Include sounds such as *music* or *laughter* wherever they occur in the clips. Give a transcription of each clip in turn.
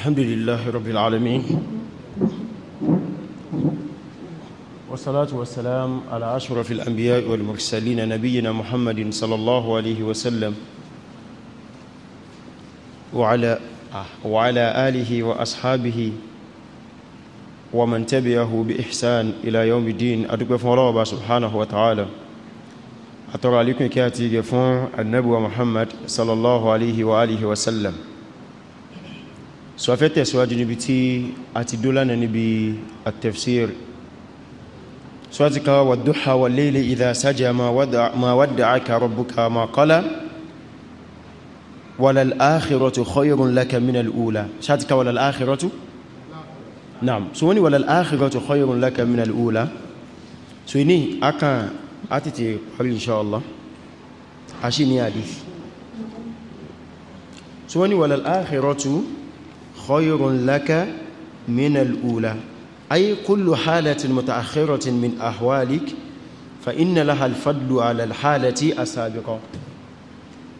الحمد لله رب العالمين والصلاة والسلام على أشرف الأنبياء والمرسلين نبينا محمد صلى الله عليه وسلم وعلى وعلى آله وأصحابه ومن تبعه بإحسان إلى يوم الدين أدوك بفن الله سبحانه وتعالى أترى عليكم كاتي فون النبوة محمد صلى الله عليه وآله وسلم so a fẹ́ tẹ̀síwájú níbi tí a ti dólánà níbi at-tafsir so a ti kawo wadduha wal layli idha saja ma wadda'aka rabbuka ma qala walal akhiratu khayrun laka minal ula so a ti kawo walal akhiratu naam so wani walal akhiratu khayrun laka minal ula ni akan a ti ni hadith so wani walal khayrun لك من الأولى أي كل حالة متأخرة من أحوالك فإن لها الفضل على الحالة السابقة. ala al-halati asabiqa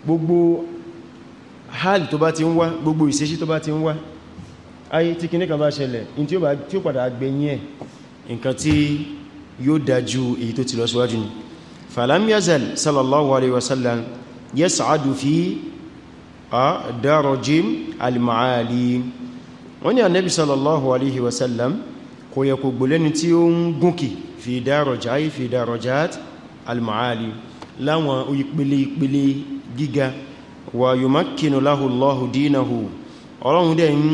gbogbo hal tó bá ti ń wá gbogbo ìṣesí tó bá ti ń wá ayé tí kìíní kan bá ṣẹlẹ̀ in tí ó bá tí ó padà gbẹ̀yìn ẹ̀ nǹkan tí yóò dájú èyí tó ti lọ síwájú ni falam yazal sallallahu alaihi wasallam yas'adu fi darajim al-ma'ali wọ́n ní annabi sallallahu alaihi wasallam kò yẹ kò gbọ́lẹ́ni tí ó ń gúnkì fi dárọjá fi darajat al-ma'ali láwọn ìpele ìpele gíga wa yumakkinu lahu Allahu dinahu ọlọ́run dẹ̀ ń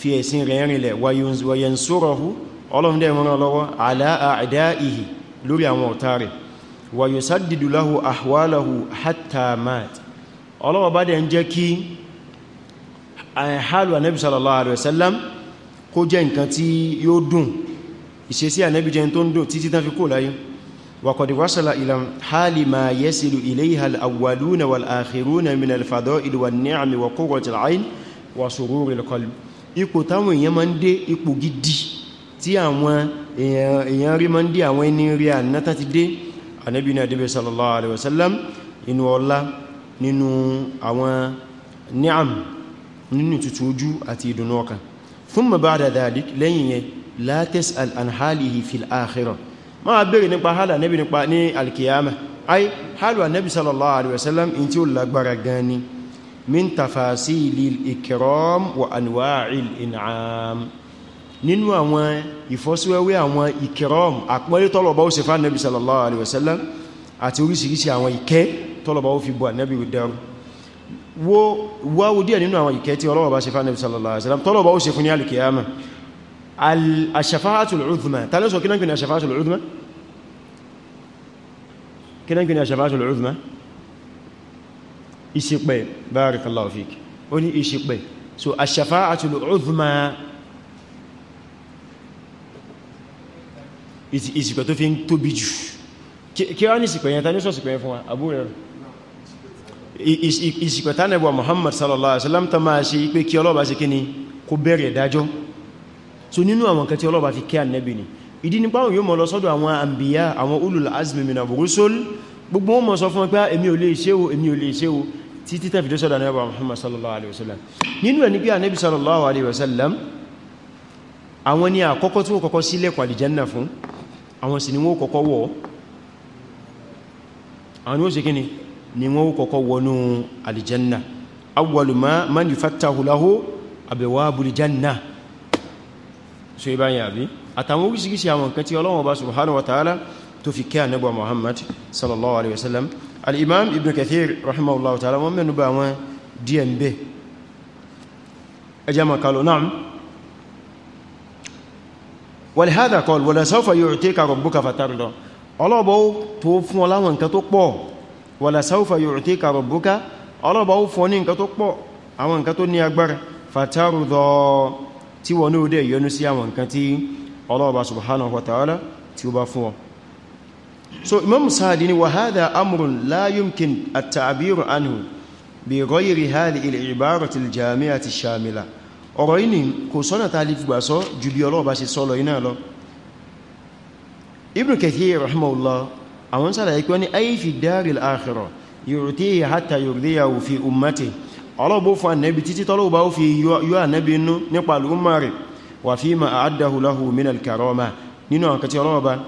fi ẹ̀sìn rẹ̀ rìnlẹ̀ wa yansurahu ọlọ́run dẹ̀ rán ọlọ́wọ́ bá dẹ̀ ń jẹ́ kí àìhálù eh, ànẹ́bì sallallahu alaihi wasallam kó jẹ́ nǹkan tí yóò dùn ìṣesí ànẹ́bì jẹ́ tó ń dùn títí tán fi kó láyé wa qad wasala ila hali ma yasilu ilayha al-awwaluna wal-akhiruna min al-fada'il wan-ni'am wa qurrati al-'ayn wa sururi al-qalb ipò táwọn èèyàn máa nínú àwọn ni'am nínú tutù ojú àti ìdùnnú ọkàn thumma ba'da dhalik lẹ́yìn yẹn la tas'al an halihi fil akhirah ma bèèrè nípa hálà nẹ́bì nípa ní alkiyama ay hálà nẹ́bì sallallahu alaihi wasallam in tí ó lágbára gan ni min tafasilil ikram wa anwa'il in'am nínú àwọn ìfọ́síwẹ́wẹ́ àwọn ikram àpọ́lítọ́lọ̀bọ́ tọ́lọ̀bà ó fi bọ́ ànábì dáru wo wáwo díẹ̀ nínú àwọn ìkẹ́ tí Ọlọ́run bá ṣe fún ànábì sallallahu alaihi wasallam tọ́lọ̀bà ó ṣe fún ní alìkìyàmà al-shafa'atul uzma ta lọ́sọ̀ kí náà gbìnà shafa'atul uzma kí náà gbìnà shafa'atul uzma ìṣìpẹ̀ barakallahu fik so ash-shafa'atul uzma ìsìpẹ̀ tó fi ń tóbi jù kí wá ní ìsìpẹ̀ yẹn ta ní sọ̀sìpẹ̀ fún wa àbúrẹ̀ ìṣìpẹ̀tà nẹ́bọ̀ Muhammad sallallahu alaihi wasallam ta máa ṣe pé kí ọlọ́ba ṣe kí ni kó bẹ̀rẹ̀ dájọ́ so nínú àwọn kan tí ọlọ́ba fi kẹ́ ànẹ́bì ni ìdí nípa òun yóò mọ̀ lọ sọ́dọ̀ ah, Muhammad sallallahu alaihi wasallam nínú ẹni pé ànẹ́bì sallallahu alaihi wasallam àwọn ni àkọ́kọ́ tí wọ́n kọ́kọ́ ṣílẹ̀kùn àlìjẹ́nà fún àwọn sì ni wọ́n kọ́kọ́ wọ̀ àwọn ni wọ́n ṣe kí ni ni wọ́n kọ́kọ́ wọnú alìjanna awwalu ma man yufattahu lahu abwabu aljanna so iba ya bi àtàwọn oríṣiríṣi àwọn nǹkan tí Ọlọ́run Ọba subhanahu wa ta'ala tó fi kẹ́ ànábì Muhammad sallallahu alaihi wasallam al ibn kathir wàlá sáúfà yu'tika rabbuka ọlọ́bà ó fọ́ ní nǹkan tó pọ̀ àwọn nǹkan tó ní agbára fatarudọ tí wọ́n ní ó dẹ̀ yọnú sí àwọn nǹkan tí ọlọ́bà subhanahu so imam Sa'di ni wa hadha amrun la yumkin at-ta'biru anhu bi ghayri hadhihi al-ibarati al-jami'ati ash-shamila ọ̀rọ̀ yìí ni kò sọ́nà tá Ibn Kathir rahimahullah àwọn sàlàyé pé wọ́n ní ayé fi dárí al-akhira yurtihi hatta yurdiyahu fi ummati ọlọ́bọ̀ fún annabi títí tọ́lọ́bà ó fi yọ annabi inú nípa al'umma rẹ̀ wà fi ma a'addahu lahu min al-karama nínú àwọn kàtí ọlọ́ọ̀bá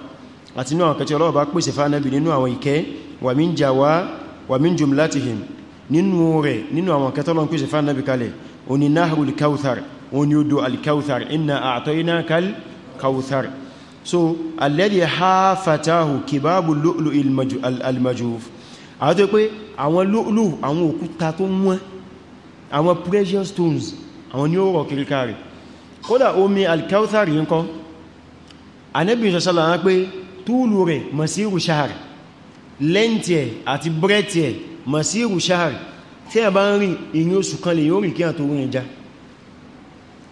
so alladhi hafatahu kibabu lu'lu al-majuf àwọn tó pé àwọn lu'lu àwọn òkúta tó wọ́n àwọn precious stones àwọn ni ó rọ̀ kìríkàrí kódà omi al-kawthari ń kọ́ anẹ́bí ìṣẹ́sọ́lá wọ́n pé túlù rẹ̀ masiru shahar lẹ́ntì ẹ̀ àti brẹ́tì ẹ̀ masiru shahar tí a bá ń rìn ìyìn oṣù kan lè yóò rìn kí à tó rìn ẹja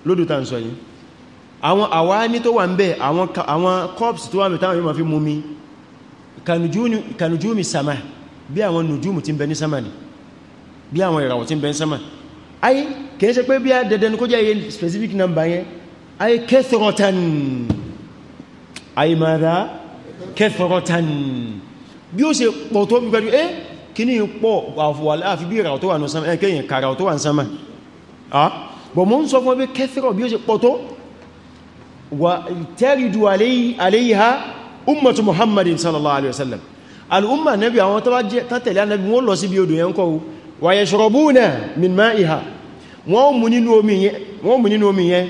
lódò tàǹsọ̀ yìí àwọn àwámi tó wà ń bẹ àwọn cups tó wà mẹ́ táwọn yíò ma fi mú mi kanujúmi sama bí àwọn nùjúmù tí ń bẹ ní sama ni bí àwọn ìràwọ̀ tí ń bẹ ní sama ayé kìí ṣe pé bí a dẹ̀dẹ̀ kó jẹ́ iye specific number yẹn ayé kẹfẹ́rọ̀tàn ayé mara kẹfẹ́rọ̀tàn bí ó ṣe pọ̀ tó bí pẹ̀lú eh kí ní pọ̀ àfi bí ìràwọ̀ tó wà ní sama eh, وترد علي عليها أمة محمد صلى الله عليه وسلم الأمة النبي àwọn tó bá tẹ̀lé Ànábì wọ́n lọ sí bí odò yẹn kọ́ ويشربون من مائها wọ́n mu nínú omi yẹn wọ́n mu nínú omi yẹn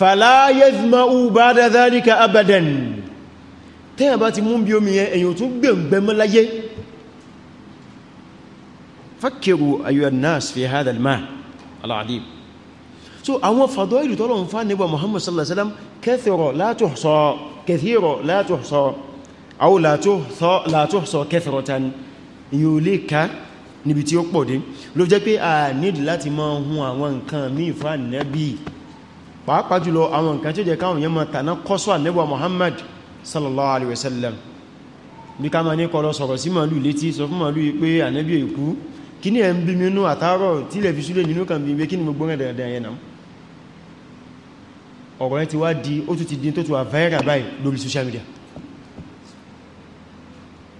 فلا يظمأ بعد ذلك أبدا tẹ́yàn bá ti mú bí omi yẹn èyàn tún gbẹ̀mgbẹ̀ mọ́ láyé فكروا أيها الناس في هذا الماء العظيم so àwọn fàdọ́ìlù tọ́lọ̀ ń fà nígbà Muhammad sallallahu alaihi wasallam kẹfẹ́rọ látọ̀sọ kẹfẹ́rọ látọ̀sọ àwọ látọ̀sọ kẹfẹ́rọ ta ni yóò lè ká níbi tí ó pọ̀ dé ló jẹ́ pé a nídi láti máa hun àwọn nǹkan mí fún ànábì pàápàá jùlọ àwọn nǹkan tí ó jẹ́ káwọn yẹn máa tàná kọ́sọ́ ànábì Muhammad sallallahu alaihi wasallam bí ká máa ní kọlọ sọ̀rọ̀ sí màálù létí sọ fún màálù pé ànábì èkú kí ni ẹ̀ ń bí mi nú àtàárọ̀ tí ilẹ̀ fi súlẹ̀ nínú kan bí i pé kí ni gbogbo rẹ̀ dáadáa yẹn ọ̀rọ̀ yẹn ti wá di ó tún ti di tó tún wà viral báyìí lórí social media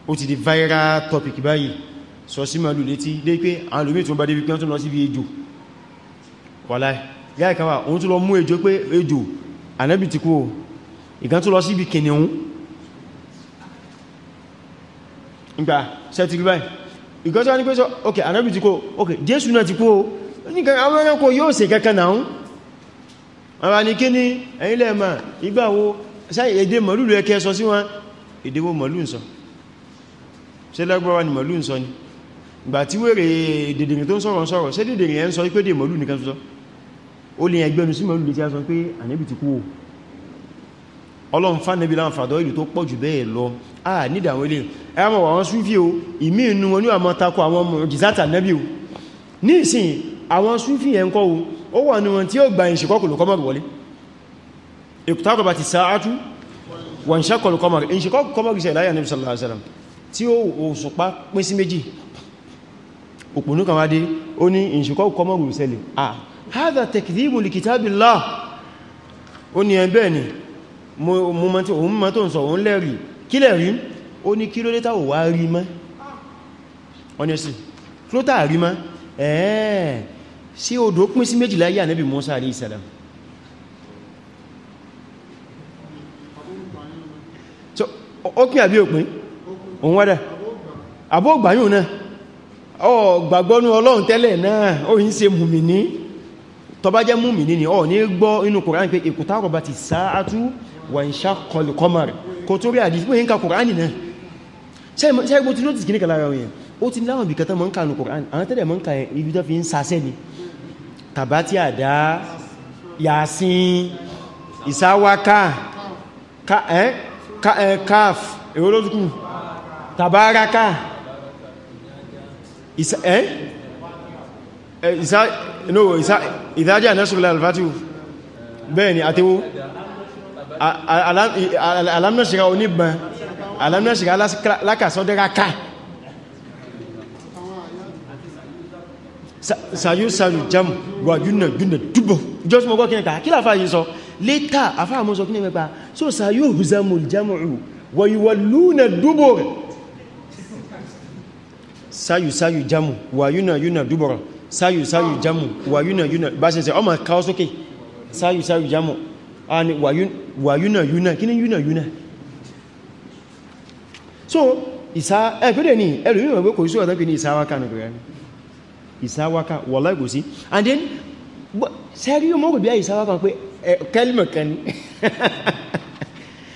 ó ti di viral topic báyìí sọ sí màálù létí dé pé àwọn olùmí tó bá débi pé wọ́n tún lọ sí bí ejò wàláì gáì kan wà òun tún lọ mú ejò pé ejò ànábì ti kú o ìkan tún lọ sí ibi kìnìún ìgbà sẹ́tì rí báyìí ìkan tún wá ní pé sọ àwọn àníkí ní ẹ̀yìn lẹ́ẹ̀mà ìgbàwo sáyẹ̀ èdè mọ̀lú rẹ̀ kẹ́ sọ sí wọn èdèwò mọ̀lú ń sọ ṣe lẹ́gbọ́wà ni mọ̀lú ń sọ ni ìgbà tí wèrè dèdèrè tó ń sọ̀rọ̀ sọ̀rọ̀ ṣe dèdèrè ẹ̀ ń sọ pé dè mọ̀lú nìkan sọ ó lè ẹgbẹ́nu sí mọ̀lú lè tí a sọ pé ànẹ́bì ti kú o ọlọ́run fánẹ́bì láǹfàdọ́ ìlú tó pọ̀ jù bẹ́ẹ̀ lọ a nídà àwọn ilé ẹmọ àwọn súnfí o ìmí inú wọn ní àmọ́ takọ àwọn ọmọ jìsátà nẹ́bì o ní ìsìn àwọn súnfí ẹ̀ ń kọ́ o ó wà ní wọn tí ó gba ìṣẹ́kọ́kùlù kọmọ̀rù wọlé ìkùtàkọ̀bà ti sáájú wọ́n ṣẹ́kọ̀lù kọmọ̀rù ìṣẹ́kọ́kù kọmọ̀rù ṣe láyà níbi sallallahu alaihi wasallam tí ó òṣùpá pín sí méjì òpùnú kan wádé ó ní ìṣẹ́kọ́kù kọmọ̀rù ṣẹlẹ̀ ah hadha takdhibu li kitabillah ó ní ẹgbẹ́ ni mo mọ́ tí òun mọ́ tó ń sọ òun lẹ́rìí kí lẹ́rìí sí odò pín sí méjìlá yà Nábì Mùsá alayhi salam so ó pín àbí òpin òun wádà àbó ògbàyùn náà ọ gbàgbọ́nú Ọlọ́run tẹ́lẹ̀ náà ó yí ṣe mùmìní tó bá jẹ́ mùmìní ni ọ ní gbọ́ inú Kùránì pé iqtarabati sa'atu wa inshaqqal qamar kò tó rí àdíjú pé ń ka Kùránì náà ṣẹ́gbó tí ló ti kìníkà lára òyìn ó ti láwọn ibìkẹta mọ́ ń ka nù Kùránì àwọn tẹ́lẹ̀ mọ́ ń ka ibi tó fi ń sasẹ́ ni tàbátí àdá yàásín ìsáwáká káf èwo ló tukù tàbáraka ìdájá nẹ́sùlẹ̀ alfátíù bẹ́ẹ̀ni àtẹ́wó alamnashira oníbọn alamnashira alákàsọ́dẹ́raka sayo sayo jamu wà yúnà yúnà dúbò just mọ́ gọ́kí nìkan kílá fàáyí sọ létà àfáàmọ́ sọ kí ní mẹ́pa so sayo huzamu jamu wà yíwà lúnà dúbò rẹ̀ sayo sayo jamu wà yúnà yúnà dúbò rẹ̀ sayo sayo jamu wà yúnà yúnà bá ṣe ṣe ọmọ káwọ́ sókè sayo sayo jamu wà yúnà yúnà kí ní yúnà yúnà so ìsá ẹgbẹ́dẹ̀ ni ẹlùmí mọ̀ pé kò sí ọ̀tọ́ ìsáwáká wa kò sí and then sẹ́rí yóò mọ́rù bí i ìsáwáká pé kẹ́lìmọ̀ kan ní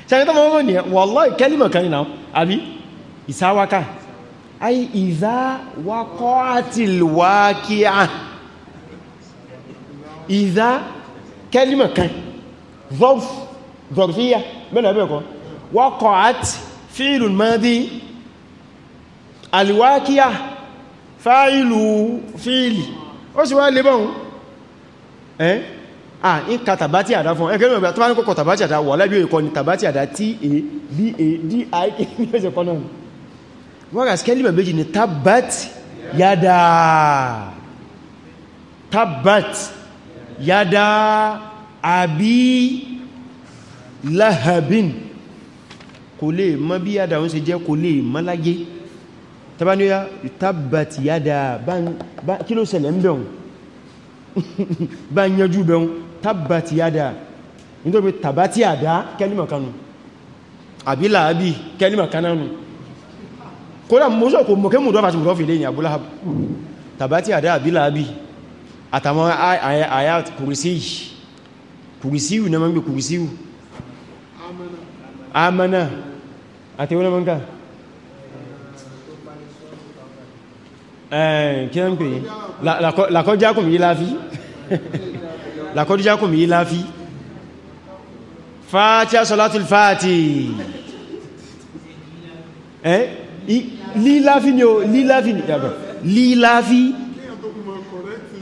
sẹ́rí tó mọ́rù ní wallahi kẹ́lìmọ̀ kan ní náà àbí ìsáwáká ayi ìzáwákọ́ àtìlwákíá ìzá kẹ́lìmọ̀ kan zọ́f zọ̀rfíyà mẹ́lẹ̀ ẹ̀bẹ̀ẹ̀kọ́ waqa'at fi'lun madhi alwákíá fáìlù fíìlì ó sì wá lè bọ́n ẹ́ à ń ka tàbátí àdá fún ẹgbẹ́ ìrìnàmọ̀ tó bá ní kọ́kọ́ tàbátí àdá wà lábí ìkọ́ ni tàbátí àdá t a b d i k ní ọjọ́ kan náà wọ́n rà yada tabat yada abi lahabin kò lè yada wọ́n ṣe jẹ́ kò tabaniya tabbati yada kí ló ṣẹlẹ̀ ń bẹ̀rún bá ń yanjú bẹ̀rún tabbati yada nítorí tabbati yada kẹ́límọ̀kanu àbí làábí kẹ́límọ̀kananu kódà mọ́sọ̀ kò mọ̀kẹ́ mú dọ́fà ti mọ̀dọ́fì lè ní àbúláhab tabbati yada àbí làábí àtàwọn ayat kùrìsíyù kùrìsíyù na mọ́ Eh, kí ẹ ń pè làkọjákùn yí láfí làkọjákùn yí láfí fàtíà sọlátùl fàtí ẹ́ eh, líláfí ni o líláfí ni yàbọ̀ líláfí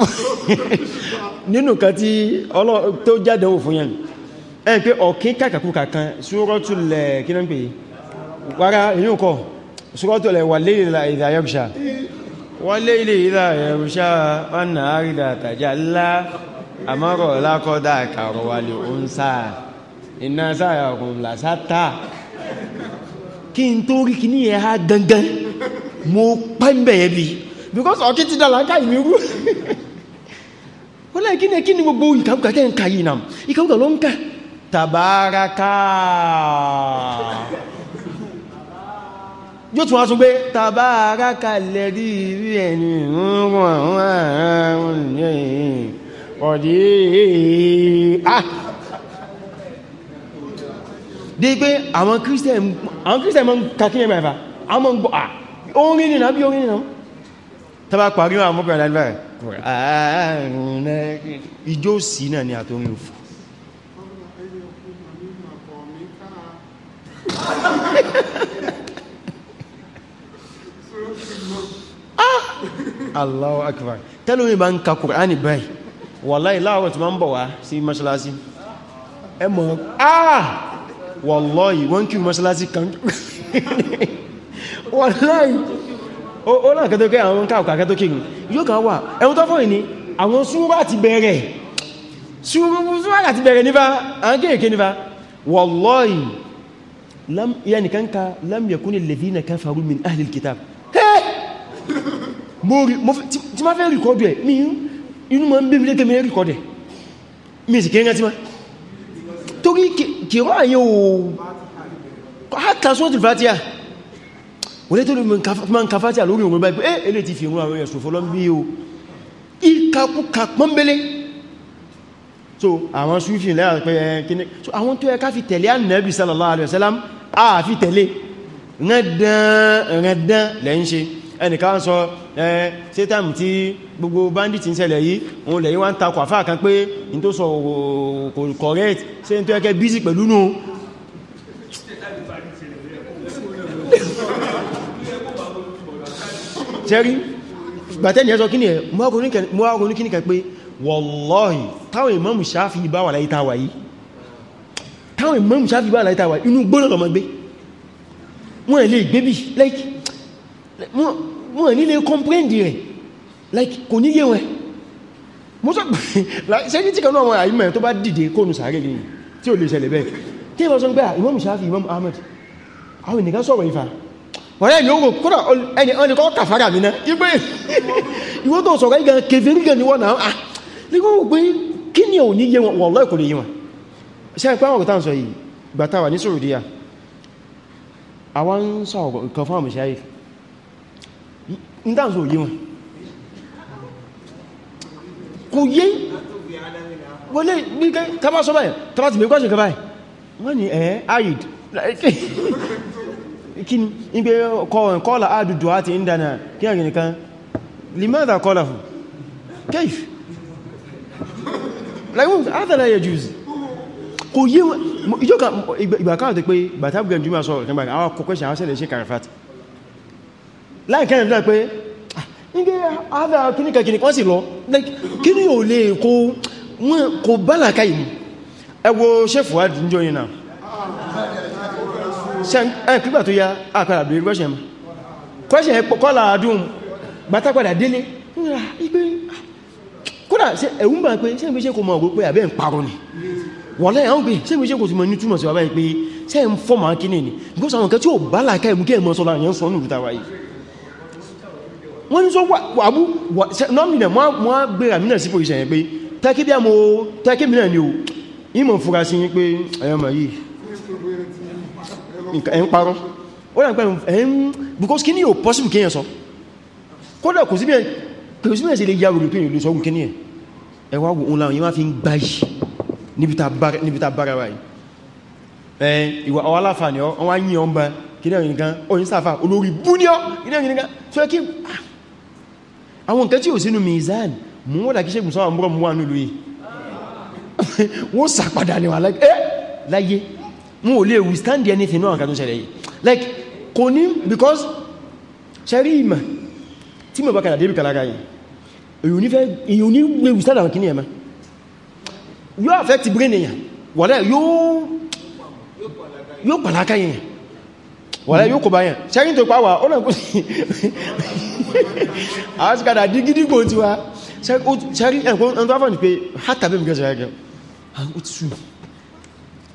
*laughs* nínú kan tí ọlọ́ tó jáde wò fún yẹn ẹ́ pé ọ̀kí kàkàkùkà kan ṣúrọ́tùlẹ̀ eh, kí náà pè wára èyí ń kọ́ ṣúrọ́tùlẹ̀ wà lè ìdàyọ́gṣà والليل إذا يغشى والنهار إذا تجلى أمر لقد ذكر والأنثى إن سعيكم لشتى kí n tó rí kìíní ẹ̀ ha gangan mo pẹ́ because ọ̀kí ti dàlá ká ìmú rú wọ́n láì kí ní kí ní gbogbo ìkàkùkà tẹ́ ń kàyí nàm ìkàkùkà yóò tún wá tún gbé tàbáraka lẹ́rí rí ẹni rúnrún àwọn àrùn yẹn ọ̀dí dé ah. pé àwọn kírísítẹ̀ mọ́ kàkíyàn mẹ́fà àwọn mọ́ ń gbọ́ ah, orin nìna bí orin nìna tàbá parí àwọn mọ́kànlá lẹ́lẹ́ ààrùn ìjó sí náà ni àtorin òfò ha ha ha Allahu akbar tẹ́lú ìbá ń ka Kùránì báyìí wallahi láàárọ̀ tí ma ń bọ̀ wá sí mọ́ṣálásí ẹ mọ̀ ah wallahi wọ́n kí mọ́ṣálásí kan *laughs* wallahi ó náà kẹtọ́ kẹ́ àwọn káàkà kẹtọ́ kí yóò kà wà ẹ̀hùn tó fọ́ ìní àwọn súnrà ti bẹ̀rẹ̀ súnrà ti bẹ̀rẹ̀ nífà lam yakuni alladhina kafaru min ahlil kitab tí ma fẹ́ rìkọ́dù ẹ̀ mi inú ma ń bí mílé kẹmẹ́rẹ́ rìkọ́dù ẹ̀ mi sì kẹrẹ́ tí ma torí kìrọ́ àyẹ o hátà sọ́tù fàtíà wọlé tó lè ma ń ka fàtíà lórí òun báyìí eh elé ti fi ìrún àwọn ẹ̀sùn fọ́lọ́ bí o ìkàkùkà pọ́nbélé so àwọn súfì eh, lẹ́ ẹnìkan sọ ẹ ṣe táìmù tí gbogbo bandit ń ṣẹlẹ̀ yìí òun lẹ̀yìn wá ń takọ̀ àfáà kan pé in tó sọ kò correct ṣe ń tó ẹkẹ́ busy pẹ̀lú nù ṣẹ́rí gbàtẹ́ni ẹ́sọ kí ni ẹ̀ mọ́ wọ́n lè gbébì like wọ́n ní lè comprehend rẹ̀ like kò ní yé wọn mo sọ pé ṣe ní tí kanú àwọn àìmọ̀ tó bá dìde kónù sàárè lè tí ò lè ṣẹlẹ̀ bẹ́ẹ̀ tí ìbọn sọ gbá ah, Imam Shafi Imam Ahmad àwọn ènìyàn sọ̀rọ̀ ìfà wọ́n ẹni ó kúrò ẹni ọ́nà kọ́ kàfàrà mi náà ipé ìwọ́n tó sọ̀rọ̀ ìgbà kèfèrígà ni wọ́n náà ah, nígbà pé kí ni ò ní yé wọn wọ́n lọ́ẹ̀kọ́ lè yé wọn ṣe ń pàwọn òkúta ń sọ yìí gbàtàwà ní sòròdíyà àwọn ń sọ̀rọ̀ nǹkan fún àmì ṣáyìí ìdáǹsò yí wọn kò yé wọlé gbígẹ́ tàbá sọ báyìí tàbá ti bèkwáṣe kẹ báyìí wọ́n ni ẹ̀ẹ́ ayid kí ni igbe kọ́ọ̀lá àdùdù àti ìdánà kí ẹ̀rìn nìkan limada kọ́ọ̀lá fún kayf látàlá yẹ jùz kò yé wọn ìjọ́ ìgbàkáwà tó pé bàtàbù láìkẹ́rin náà pé nígbé àádá kìníkà kìní wọ́n sì lọ kíní ò lè kó wọ́n kò bálàkà ìmú ẹwọ sẹ́fù àdínjọ́ yìí náà ẹ̀kígbà tó ya àkàrà bí question question kọ́lá àdún gbátápadà délé ah. kódà ẹ̀wùn bá pé sẹ́gbé ṣe kò mọ̀ ògbó pé àbẹ́ ń parọ́ ni wọ́n lẹ́yìn àwọn pé sẹ́gbé ṣe kò sí mọ̀ ní túnmọ̀ sí wà báyìí pé sẹ́ ń fọ́mà kí ní ní kẹ́ tí ó bá làkà ìmú kí ẹ̀mọ́ sọ́lá yẹn sọ́nù ìtàwà yìí wọ́n ní sọ wàbú nọ́mìnà wọ́n gbé àmìnà sí pòṣìṣẹ́ yẹn pé tẹ́kí bí àmò tẹ́kí mìíràn ni o ìmọ̀ fúra sí yí pé ẹ̀yọ́mọ̀ yìí ẹ̀ ń parọ́ ó rẹ̀ pẹ̀lú ẹ̀yìn because kí ní yóò possible kí yẹn sọ kódà kò sí mẹ́rin sí lè yá rògbò pín ìlú sọ́gùn kí ní ẹ̀ ẹwà òun láwọn yíwá fi ń gbá yìí níbi ta bára wáyìí ẹ̀ ìwà ọwá láfà ni ọ wọ́n wá yí ọ àwọn nǹkan tí ò sínú mizan mú wọ́n dàkí ṣégun sọ́wọ́n mọ́ wà nílùú yìí *laughs* wọ́n sàpadà ní wà like eh láyé wọ́n ò lè withstand anything náà nǹkan tó ṣẹlẹ̀ yìí like kò ní because ṣẹ́rí ìmọ̀ tí mọ̀ bá kàdà débì kàlára yìí èyí ò ní lè withstand àwọn kìíní ẹ̀mọ́ yóò affect brain èèyàn wọ́lẹ̀ yóò pàlákà èèyàn wọ̀lẹ́ yóò kò bá yàn ṣẹ́yìn tó pàwà ó lọ́nkú sí àwọn ṣíkàdà dígídígbò tí wá ṣẹ́rí ẹ̀kùn tó fọ́nì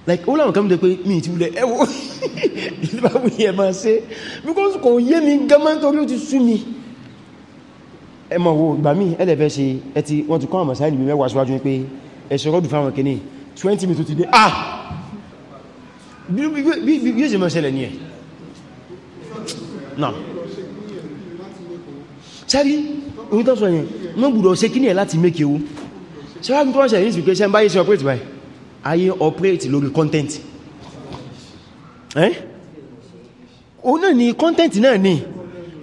like ó láwọn kàmdẹ̀ mi ti wulẹ̀ ẹwọ́ *laughs* ìlúbàwò because kò yé mi gẹ́mọ́ torí wo ìgbà mí ẹlẹ́fẹ́ ṣe ẹ ti wọ́n ti kọ́ àmà sáyẹ̀ mẹ́wàá síwájú pé ẹ̀ṣọ́ rọ́dù fáwọn kìíní 20 minutes ti dé ah bí yóò ṣe mọ́ ṣẹlẹ̀ ní ẹ̀ náà sẹ́rí orí tọ́sọ yẹn wọ́n gbùdọ̀ ṣe kí ní ẹ̀ láti make owó ṣẹ́wàá tó wọ́n ṣe ní ìsìnkú ṣe ń báyé ṣe operate by ayé operate lórí content o náà ni content náà ni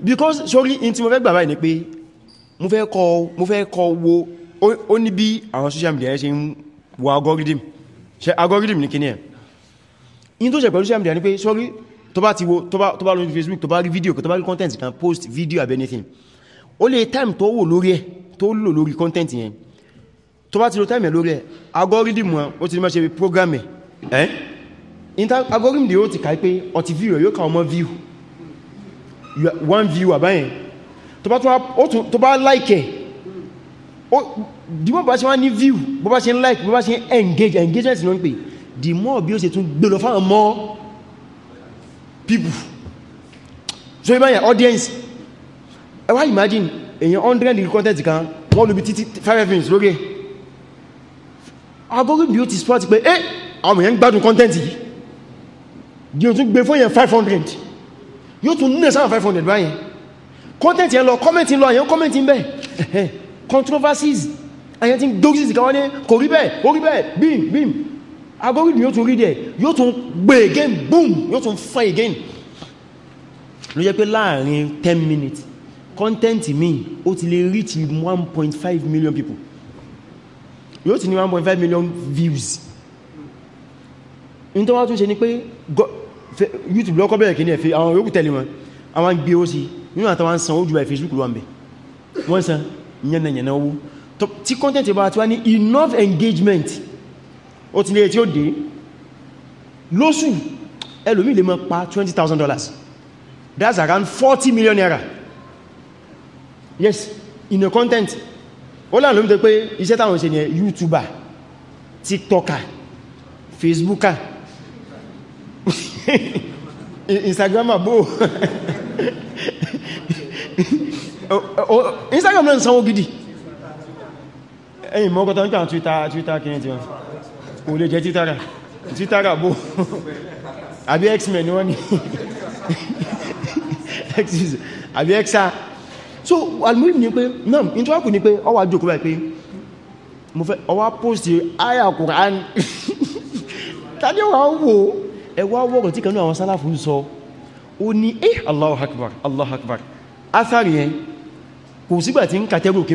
because sorry in tí mo fẹ́ gbà báyìí ni pé mo fẹ́ kọ mo fẹ́ kọ wo ó ní bí àwọn social media ṣe ń wo algorithm ṣe algorithm ní kí ní ẹ̀ in tó ṣe pẹ̀lú social media ni pé sorry tó bá ti wo tó bá lórí Facebook tó bá rí video tó bá rí content you can post video àbí anything ó lè time tó wò lórí ẹ tó lò lórí content yẹn tó bá ti lo time ẹ lórí ẹ algorithm wọn ó ti ní mẹ́ṣe program ẹ ẹ́ algorithm dẹ̀ ó ti kàí pé ọtí view rẹ̀ yóò kà ọmọ view one view àbáyẹn tó bá like ẹ dìmọ́ bá ṣe wá ní view bó bá ṣe ń like bó bá ṣe ń engage engagement ló ń pè dìmọ́ bí ó ṣe tún gbé lọ fáwọn mọ́ people so ibá your audience ẹ eh, wá imagine èyàn 100 degree content kan wọ́n lóbi títí 5 films lórí algorithm bí ó ti spot pé eh àwọn èyàn gbádùn content yìí di o tún gbé fún èyàn 500 yóò tún ní sáwọn 500 báyẹn content yẹn lọ comment lọ èyàn comment bẹ́ controversies èyàn ti gbórísì kan wọ́n ní kò rí bẹ́ẹ̀ ó rí bẹ́ẹ̀ bim bim algorithm yóò tún rí dẹ̀ yóò tún gbé again boom yóò tún fún again ló jẹ́ pé láàrin 10 minutes content mi ó ti lè reach 1.5 million people yóò ti ní 1.5 million views in tó wá tún ṣe ni pé YouTube lọ́kọ́ bẹ̀rẹ̀ kìí ẹ̀fẹ́ àwọn yóò tẹ̀lé wọn àwọn gbé ó sí nínú àtàwọn san ó jù Facebook lọ́wọ́n bẹ̀ wọ́n san yẹ́nà yẹ̀nà owó tí content bá ti wá ní enough engagement ó ti lè tí ó dé lóṣù ẹlòmí lè mọ́ pa $20,000 that's around 40 million naira yes in the content ó láàrín lómi tó pé iṣẹ́ táwọn ṣe ní youtuber tiktoker facebooker *laughs* instagrammer bó *laughs* instagram náà sanwó gidi ẹ̀yìn mọ́kọ̀tọ̀ ń kàn twitter twitter kìí tí wọ́n o lè jẹ títàrà títàrà bó àbí x-men ni wọ́n ni àbí x-a so almuhim ni pé náà in tó wákù ni pé ọwà jòkó rẹ̀ pé mo fẹ́ ọwà post aya Qur'an tàbí ọwà wò ẹwà wọ́rọ̀ tí kanú àwọn sálàfù sọ ó ní eh Allah Akbar Allah Akbar asari yẹn kò sígbà tí ń kàtẹ́rù kí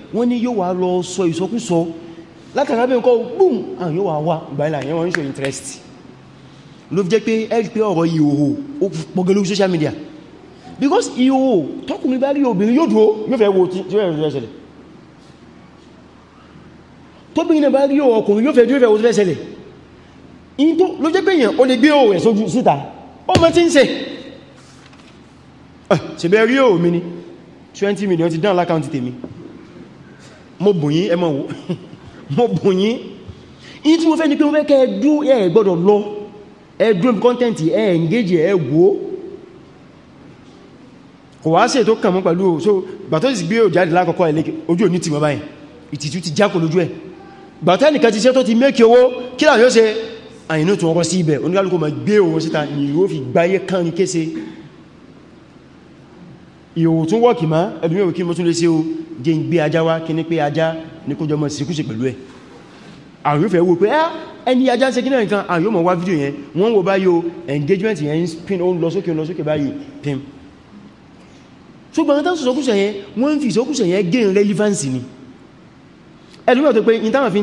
wọ́n ní yóò wá lọ sọ ìsọkúsọ látara bí nǹkan gbùn àwọn yóò wá wá gbàílà yẹn wọ́n ń ṣe interest ló fi jẹ́ pé lp ọ̀rọ̀ ìhòhò ó pọ̀gẹ́ lórí social media because ìhòhò tọ́kùnrin bá rí obìnrin yóò dúró yóò fẹ́ wo tí ó fẹ́ ṣẹlẹ̀ tóbìnrin náà bá rí ọkùnrin yóò fẹ́ dúró fẹ́ wo tí fẹ́ ṣẹlẹ̀ in tó ló jẹ́ pé èèyàn ó lè gbé òwẹ̀ sójú síta ó mọ́ tí ń ṣe ah, ṣe bẹ́ rí òmìnir 20 million ti dán lákàntì tèmi mo bùn yín ẹmọ wò *laughs* mo bùn yín yí tí mo fẹ́ ni pé mo fẹ́ kẹ́ ẹdú ẹ gbọ́dọ̀ lọ ẹdún content ẹ engage ẹ wò kò wá sí ètò kàn mọ́ pẹ̀lú so gbàtọ́sì gbé òjáde lákọ̀ọ́kọ́ ẹ̀ lékè ojú òní ti mọ́ báyìí ìtìtú ti jákò lójú ẹ̀ gbàtọ́ ẹnìkan ti ṣe tó ti mẹ́kì owó kí láàrín ó ṣe àyínú tó ọkọ̀ sí ibẹ̀ oníkálùkù ma gbé owó síta ni yóò fi gbáyé kán ní kése ìhòhò tún wọ́kì má ẹ̀dùnmí òkí mọ́ tún lé sí o jẹ́ ń gbé ajá wá kí ní pé ajá ní kó jọmọ́ sí kúsì pẹ̀lú ẹ̀ àwọn yóò fẹ́ wò pé ah, ẹni ajá ń ṣe kíní nǹkan àwọn yóò mọ̀ wá fídíò yẹn wọ́n wò bá yóò engagement yẹn ń spin ó ń lọ sókè lọ sókè báyìí pim ṣùgbọ́n tán sọ̀sọ̀kúsẹ̀ yẹn wọ́n ń fi ìsọ̀kúsẹ̀ yẹn gain relevance ni ẹ̀dùnmí ọ̀tọ̀ pé in táwọn fi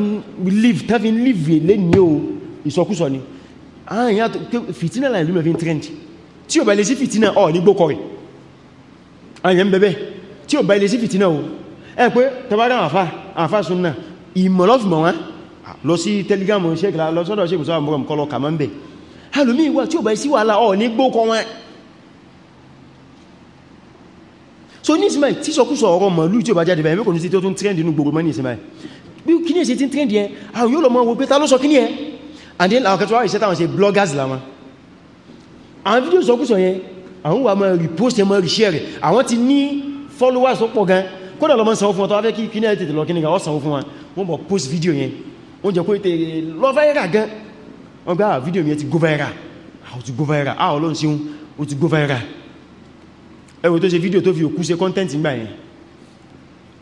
live tán fi live lé ní o ìsọ̀kúsọ̀ ni àwọn èèyàn fìtínà láìlú mẹ́fin trend tí ò bá lè sí fìtínà ọ̀ ní gbókọ̀ rẹ̀ àyẹn bẹ̀bẹ̀ tí ó bá ilé sí fìtínà o ẹ pé tẹbárí àfá àfá súnnà ìmọ̀lọ́fìmọ̀ wọn lọ sí telegram ṣékìlá lọ sọ́dọ̀ ṣékù sọ́wọ́ mọ́rọ̀ kọlọ kàmọ́ bẹ̀ halomi wà tí ó bá sí wàhálà ọ̀ ní gbókọ wọn so ní ìsinmi tí sọkúsọ ọ̀rọ̀ mọ̀lú tí ó bá jáde bẹ̀rẹ̀ mẹ́kùnrin sí tó tún trend inú gbogbo mọ́ ní ìsinmi bí kí ní èsì tí trend yẹn àwọn yóò lọ mọ́ wo pé ta ló sọ kí ní ẹ and then àwọn kẹtùwà ìṣẹ́tàwọn ṣe bloggers làwọn àwọn fídíò sọkúsọ yẹn àwọn wà máa repost ẹ máa reshare rẹ̀ àwọn ti ní followers tó pọ̀ gan kódà lọ máa sanwó fún ọ tó wá fẹ́ kí kíní ẹ̀tẹ̀tẹ̀ lọ kíní ọ sanwó fún wa wọ́n bọ̀ post video yẹn wọ́n jẹ́ kó ètè lọ viral gan wọ́n gbá ah, video yẹn ti go viral àwọn ah, ti go viral àwọn ah, ọlọ́run ṣeun ó ti go viral ẹwọ tó ṣe video tó fi òkú ṣe content ń gbà yẹn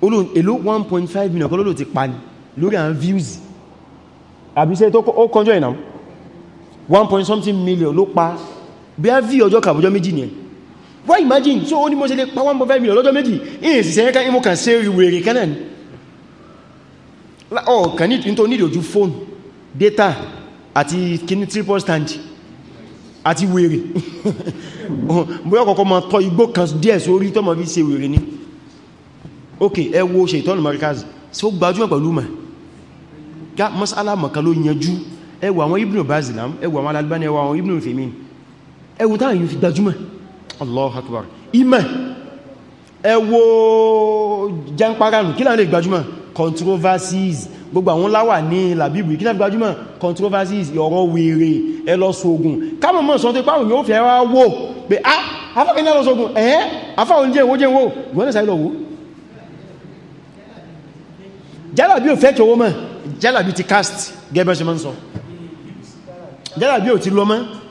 olóhun èló 1.5 million kọlọ́lọ́ ti pa ní lórí àwọn views àbíṣẹ́ tó kọjọ́ ìnà 1 point something million ló pa bí a fi ọjọ́ kàbọjọ́ méjì ni ẹ̀ wọ́n imagine so ó ní mọ́ sí lè pa 1.5 million lọ́jọ́ méjì ìyìn sí sẹ́yẹ́ká imọ́ kan sí ìwèrè kanáà ni ọ̀kan ní tó nílò ojú fóònù data àti kíní triple stand àti wèrè *laughs* bóyá kọ̀kọ́ ma tọ́ igbó kan díẹ̀ sórí tọ́ ma fi ṣe wèrè ni ok ẹ wo ṣe ìtọ́nù marikaz sí ó gbajúmọ̀ pẹ̀lú mà masala mọ̀kan ló yanjú ẹ wo àwọn ibn Baz ẹ wo àwọn Albani ẹ wo àwọn ibn Uthaymeen ẹwù táwọn yóò fi gbajúmọ̀ Allahu Akbar ìmọ̀ ẹwọ jẹ́ǹparánù kí láàrín gbajúmọ̀ controversies gbogbo àwọn láwà ní làbíbù kí láàrín gbajúmọ̀ controversies ọ̀rọ̀ wèrè ẹlọ́sọ̀gùn káàmù mọ́ sọ tó pàwọn yóò fi ẹwà wò pé ah afẹ́kẹ́ ní ẹlọ́sọ̀gùn ẹ̀ẹ́ afáwọn jẹ́ ìwójẹ́ ìwó ìwọ́n sáyé lọ́wọ́ jálàbí ò fẹ́ kí owó mọ́ jálàbí ti cast gẹ́bẹ́ ṣe mọ́ ń sọ jálàbí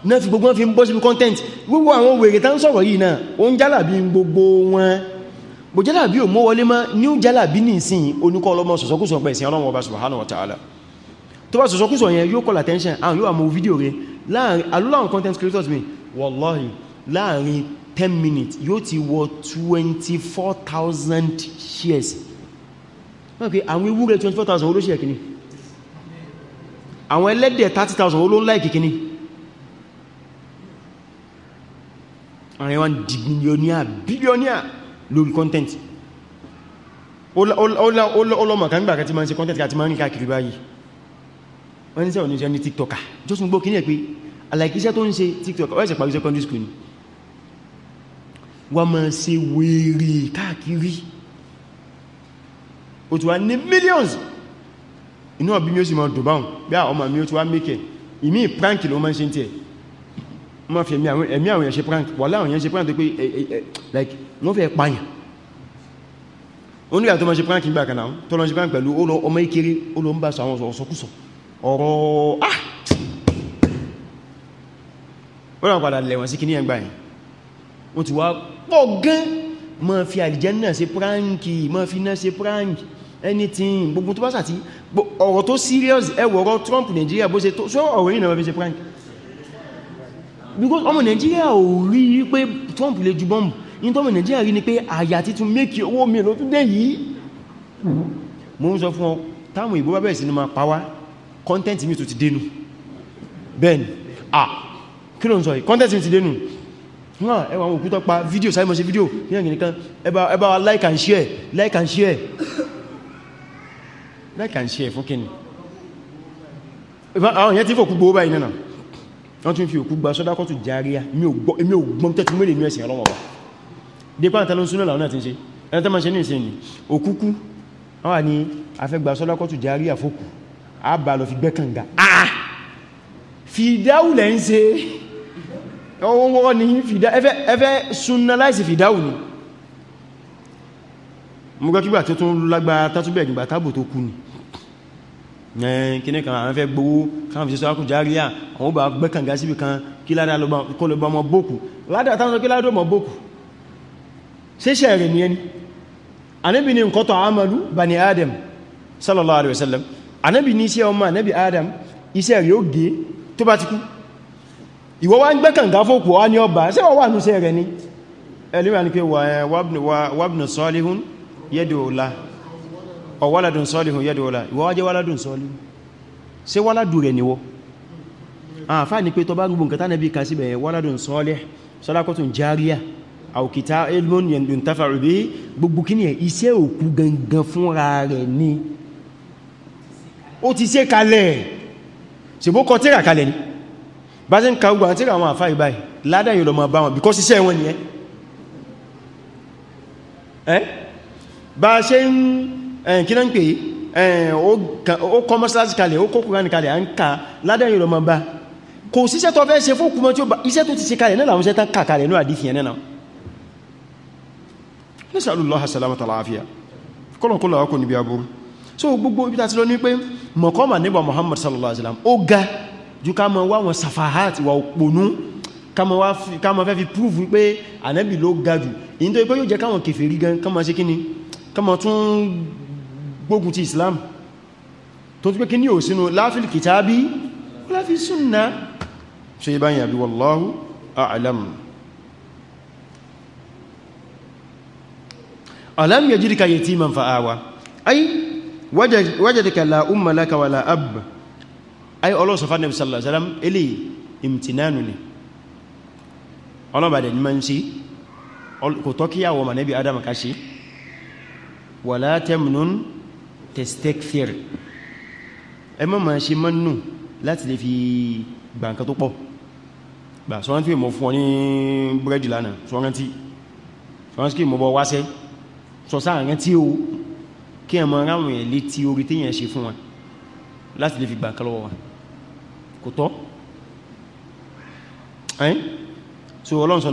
náà fi gbogbo wọn fi ń bọ́ síbi content gbogbo àwọn wèrè tán sọ̀rọ̀ yìí náà ó ń jálàbí gbogbo wọn bò jálàbí ò mọ́ wọlé mọ́ ní jálàbí ní ìsìn oníkọ́ ọlọ́mọ sọ̀sọ́kúsọ̀ pẹ̀ ìsìn ọlọ́mọ ọba subhanahu wa ta'ala tó bá sọ̀sọ́kúsọ̀ yẹn yóò call attention àwọn yóò àmọ́ fídíò rẹ láàrin alúláwọn content creators mi wallahi láàrin 10 minutes yóò ti wọ 24,000 shares wọ́n pé àwọn ewúrẹ́ 24,000 olóṣèkìní àwọn ẹlẹ́dẹ̀ 30,000 olóńláìkìkìní àrin wọn di billionaire billionaire lórí content ọlọ́mọ̀ kan gbàkà tí ma ń ṣe content kàtí ma ń rí káàkiri báyìí wọ́n ní sẹ́ ọ̀nà ìṣẹ́ ní tiktoker just gbó kí ní ẹ̀ pé aláìkíṣẹ́ tó ń ṣe tiktoker wọ́n ṣe pàrí secondary school ni wọ́n ma ṣe wèrè káàkiri ó ti wá ní millions inú ọ̀bí mi ó sì ma dùn báhùn bí àwọn ọmọ mi ó ti wá mẹ́kẹ̀ ìmí prank ló ma ń ṣe ń ma fi ẹ̀mí àwọn èèyàn ṣe prank wà láwọn èèyàn ṣe prank tó pé eh, eh, eh, like wọ́n fẹ́ pààyàn oníyà tó ma ṣe prank ìgbà kan náà tó lọ ṣe prank pẹ̀lú ọmọ ìkiri ó lọ ń bá sọ àwọn ọ̀sọ̀kúsọ̀ ọ̀rọ̀ ah ó rà padà lẹ̀wọ̀n sí kí ní ẹgbà yìí wọ́n ti wá pọ̀ gan ma fi àlìjẹ́nà ṣe prank ma fi ná ṣe prank anything gbogbo tó bá sàtí ọ̀rọ̀ tó serious ẹwọ̀rọ̀ Trump Nigeria bó ṣe tó ọ̀rọ̀ yìí náà ma fi ṣe prank because ọmọ Nigeria, ò rí pé Trump lè ju bọ́m̀bù ní tọ́mọ Nàìjíríà rí ni pé àyà títún mékì owó mi ló tún dé yìí mo ń sọ fún ọ táwọn ìgbó bábẹ̀ sí ni máa pàwá content mi tó ti dénú ben ah kí ló ń sọ yìí content mi ti dénú náà ẹwà àwọn òkútọ́ pa fídíò sáyé mọ́ sí fídíò nígbàgbì nìkan ẹ bá like and share like and share like and share fún kíni àwọn ìyẹn tí fòkú gbówó báyìí wọ́n tún fi òkú gba sọ́dákọ́tù járíà èmi ò gbọ́n tẹ́tù mẹ́lẹ̀ inú ẹ̀sìn ọlọ́wọ́ wa dípá àtàlọ́ súnà làwọn náà ti ń ṣe ẹni tó máa ṣe ní ìsìn ni òkúkú wọ́n ni a fẹ́ gba sọ́dákọ́tù járíà fókù a bá lọ fi gbẹ́kànga ah! fìdáwù lẹ́ ń ṣe ọwọ́ ni ẹfẹ́ súnà láìsí fìdáwù ni mo gbọ́ kígbà tó tún lágbà tátúbẹ̀ nígbà tábò tó kú ni kíní kan àwọn fẹ́ gbowó káwọn fi sọ́kù járíà àwọn bá gbẹ́kànga síbi kan kí ládá kó lọ bá mọ bókù ládá táwọn sọ kí ládá mọ bókù ṣíṣẹ́ rẹ̀ ní ẹni anábi ni nǹkan tó àmàlú bani adam sallallahu alaihi wasallam anábi ni iṣẹ́ ọmọ anábi adam iṣẹ́ rẹ̀ ó gé tó bá ti kú ìwọ wá ń gbẹ́kànga fókù wá ní ọba ṣé wọ́n wà ní iṣẹ́ rẹ̀ ni ẹlẹ́wà ni pé wàbnù sọ́lihun yẹ́dù ọ̀la ọ wáládùn sọ́líhùn yẹ́dù ọlá ìwọ wá jẹ́ wáládùn sọ́lí ṣe wáládùn rẹ̀ níwọ́ àfáà ah, ní pé tọba gbogbo nǹkan tánàbí kan síbẹ̀ wáládùn sọ́líh sọ́lákọ́tún járíà àwòkìtà ilmon yẹndùn tafàrù bí gbogbo kí ni ẹ̀ iṣẹ́ òkú gangan fúnra rẹ̀ ni ó ti ṣe kalẹ̀ ṣèbó ka gbogbo àtíra àwọn àfáà ìbáyìí ládàá yóò lọ máa bá wọn bíkọ́ ṣiṣẹ́ wọn nìyẹn bá ṣe ń Eh, kí náà ń pè eh, ó kọ́ mọ́sálásí kalẹ̀ ó kó Kùránì kalẹ̀ à ń ka ládẹ́yìn lọ ma bá kò síṣẹ́ tó fẹ́ ṣe fún kùmọ́ tí ó bá iṣẹ́ tó ti ṣe kalẹ̀ náà làwọn iṣẹ́ tán kà kalẹ̀ náà àdífì ẹ̀nà Muhammad sallallahu alaihi wasallam ó ga ju ká mọ safahati wà òpónú ká mọ fẹ́ fi prúfù pé ànábì ló ga jù ìyí tó ipé yóò jẹ káwọn kèfèrí gan ká mọ gbógun ti islam tó ti pé kí ní ò sínú láfil kìtàbí láfi súnnà ṣe ibá yà bí wallahu a'lam alam yajidka yatiman fa'awa ay wajadaka la umma laka wala ab ay Ọlọ́hun sọ fún Ànábì sallallahu alaihi wasallam ilé imtinanu ni ọlọ́bàdẹ̀ ni ma ń ṣe kò tọ́kíyàwó mà Ànábì adam ká ṣe wala testekfir ẹ mọ́ ma ṣe mọ́ nù láti lè fi gbà nǹkan tó pọ̀ gbà sọ́rán tí mọ̀ fún ọ ní búrẹ́dì lánàá sọ́rán tí sọ́rán tí mọ̀ bọ́ wáṣẹ́ sọ sáàrán tí ó kí ẹmọ ráwọn ẹ̀ lé tí orí téèyàn ṣe fún wa láti lè fi gbà nǹkan lọ́wọ́ wa kò tọ́ so ọlọ́run sọ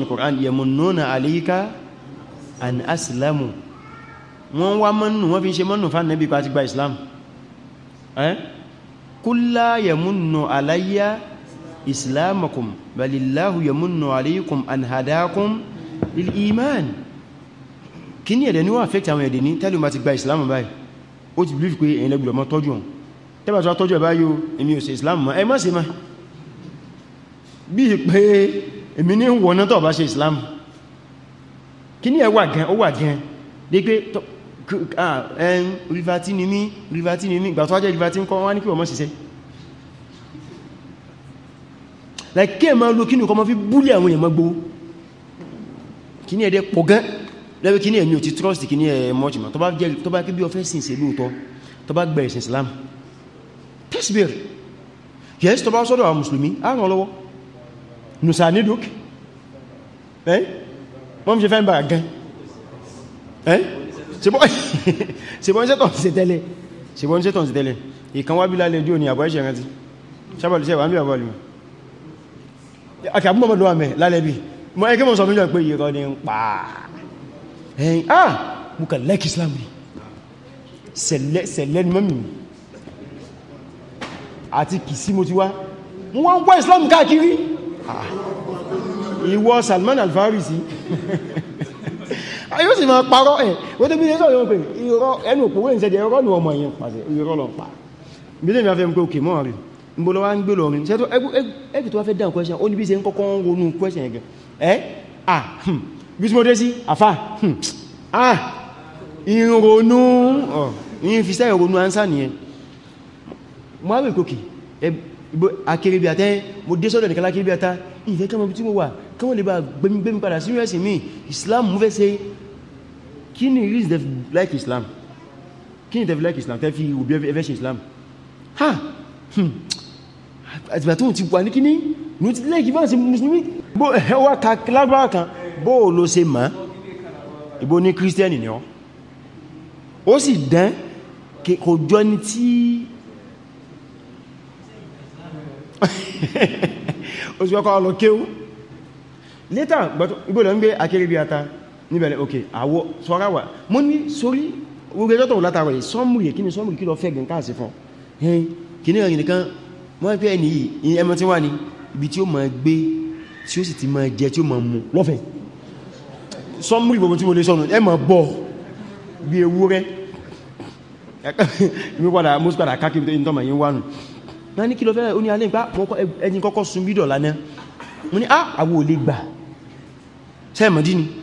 an aslamu wọ́n wá mọ́nù wọ́n fi ṣe mọ́nù fán nẹ́bí pàtí gba islam kúlá yẹmúnnù aláyá islamakum balillahu yẹmúnnù alaykum an hadakum lil iman kí ní ẹ̀dẹ̀ ní wọ́n affect àwọn ẹ̀dẹ̀ ní tẹ́lù ma ti gba islam báyìí ó ti believe pé ẹ̀yin lẹ́gbẹ̀rẹ̀ mọ́ tọ́jú ọ̀n tẹ́bà islam mọ́ ẹ má ṣe má bí i pé èmi islam kí ní ẹwà gan ẹn rivati ni mí rivati ni mí ìgbà tó wájẹ́ rivati ń kọ́ wá ní kí ọmọ ṣiṣẹ́ like kí ẹ̀mọ́ ló kí ní ọkọ̀ fi búlé àwọn èèyàn gbó kí ní ẹ̀dẹ́ pọ̀ gán lẹ́wẹ́ kí ní ẹ̀mí ò ti trust kí ní ẹ̀mọ́ jùmọ̀ tó bá kí bí ọfẹ́ sin ìṣẹ́ lóòtọ́ tó bá gbẹ̀rẹ̀ sin Islam tasbir yes tó bá sọ́dọ̀ àwọn mùsùlùmí àrùn ọlọ́wọ́ nusa nídùk ẹ́ wọ́n fi ṣe fẹ́ ń bàrà gan ṣebọ́n *laughs* ṣẹ́tọ̀ sí tẹ́lẹ̀ ṣebọ́n ṣẹ́tọ̀ sí tẹ́lẹ̀ ìkan wá bí lálẹ́ ojú òní àbọ̀ ẹ̀ṣẹ̀ rántí ṣábàlù ṣẹ́wà ń bí àbọ̀lù akàbùn mọ́mọ́ lọ́wọ́ mẹ́ lálẹ́ bí mọ́ ẹgbẹ́ mọ́ sọ mílíọ̀ pé ìrọ̀ ni ń pa ẹ̀yìn ah mú kà lẹ́kì Islam rí sẹ̀lẹ́ ni mọ́mí àti kì sí mo ti wá wọ́n wá Islam káàkiri ah! ìwọ Salman Al-Farisi *laughs* Ah, yóò sì máa parọ́ ẹ̀ eh, wọ́n tó bí lé sọ́rọ̀ pé irọ́ ẹnu òpówó ìṣẹ́jẹ̀ irọ́ nù ọmọ yẹn pàṣẹ irọ́ lọ pa bí lè máa fẹ́ mú pé òkè mọ́ rí mbó lọ wá ń gbé lọrin ṣe tó ẹgbẹ̀ tó wá fẹ́ dáhùn kwẹ́ṣẹ̀ ó ní bí ṣe ń kọ́kọ́ ń ronú kwẹ́ṣẹ̀ ẹ̀gẹ̀ ẹ́ à bí tí mo dé sí àfà à ìrònú ìyìn fi sẹ́ ìrònú ansa nìyẹn mo á rè kòkè akéré bí àtẹ́ mo dé sọ́dọ̀ nìkan lákéré bí àtá ìfẹ́ kí wọ́n bí tí mo wà kí wọ́n lè bá gbẹmí padà sínú ẹ̀sìn mi Islam mú fẹ́ ṣe kí ni reason def like islam kí ni def like islam tẹ́ fi òbí ẹfẹ́ ṣe islam ha hmm. àtìgbà tó ti wà ní kíní ní ti lẹ́ẹ̀kì bá ṣe musulmi bó ẹwà lágbára kan bó ló ṣe mọ́ ìbó ní kírísítẹ́nì ni ọ́ ó sì dán kò jọ ní tí *laughs* ó sì kọ́kọ́ lọ kéwú later ìbó lọ ń gbé akérébíata níbẹ̀rẹ̀ ok àwọ sọ́ra wà mọ́ ní sórí orí ẹjọ́ tó látàrọ yìí sọ́mùrì kí ni sọ́mùrì kí lọ fẹ́ gbìn káàsì fún ẹn kí ní ẹ̀rìn nìkan wọ́n pẹ́ ẹni yìí ẹmọ tí wà ní ibi tí ó máa gbé tí ó sì ti máa jẹ tí ó máa mu lọ́fẹ̀ẹ́ sọ́mùrì gbogbo tí mo lè sọ́nù ẹ máa bọ́ bí ewúrẹ́ *laughs*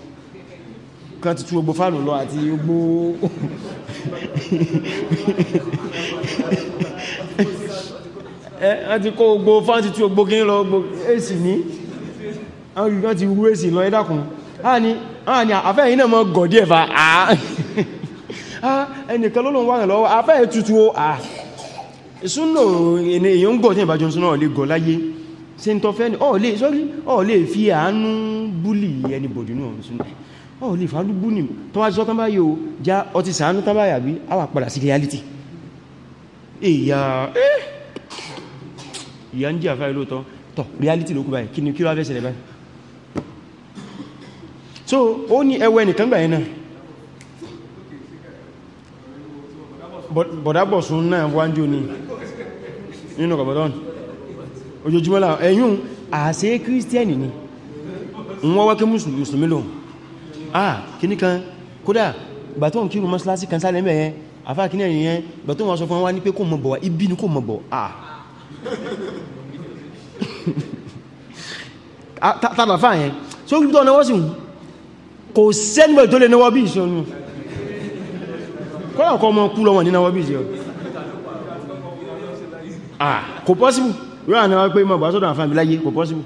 kan ti tú gbogbo fáànù lọ àti gbogbo ẹ́ *laughs* eh, ti kó gbogbo fáànù ti tú gbogbo kí lọ èsì ní àwọn ti wú èsì lọ ìdákun ààni àfẹ́ yìí náà mọ́ gọ̀dí ẹ̀fà *laughs* ẹnìkan lọ́lọ́ wà lọ́wọ́ afẹ́ tutù o à gọ̀ tí ìbájọ́ súnà ọ̀lẹ́ gọ̀ láyé sí ń tọ́fẹ́ ní ọ̀lẹ́ fi àánú búlì ẹni bòdínú ọ̀rùn súnà ọ̀ lè fàálùgbù ní tó wá jọ tán bá yóò já ọtí sàánú tán bá yàbí a wà padà sí reality èyà eh ìyà ń jí àfá ìlú tọ̀ reality ló kú báyìí kí ni kí ló fẹ́ ṣẹlẹ̀ báyìí so ó ní ẹwẹ́ nìkan gbà yẹn náà bọ̀dábọ̀sún náà wájú ní nínú kọ̀bọ̀dọ́n ojoojúmọ́lá ẹ̀yún àṣẹ kírísítíẹ̀nì ni wọ́n wákẹ́ mùsùlùmí lòun ah kini kan kódà ìgbà tó ń kírun mọ́sálásí kan sálẹ̀ mẹ́yẹn afá kíní ẹ̀yìn yẹn ìgbà tó wọ́n sọ fún wa ní pé kò mọ̀ bọ̀ ibi ni kò mọ̀ bọ̀ ah, *laughs* ah tàbà fà yẹn so gbogbo ọ̀nà wọ́n sì kò sẹ́nìbẹ̀ tó lè náwọ́ bí ìṣọ́nù kọ́lá ọkọ̀ ọmọ kú lọ́wọ́ ní náwọ́ bí ìṣẹ́ ah kò possible rán àwọn pé mọ̀ gbásọ́dọ̀ àfàmìláyé kò possible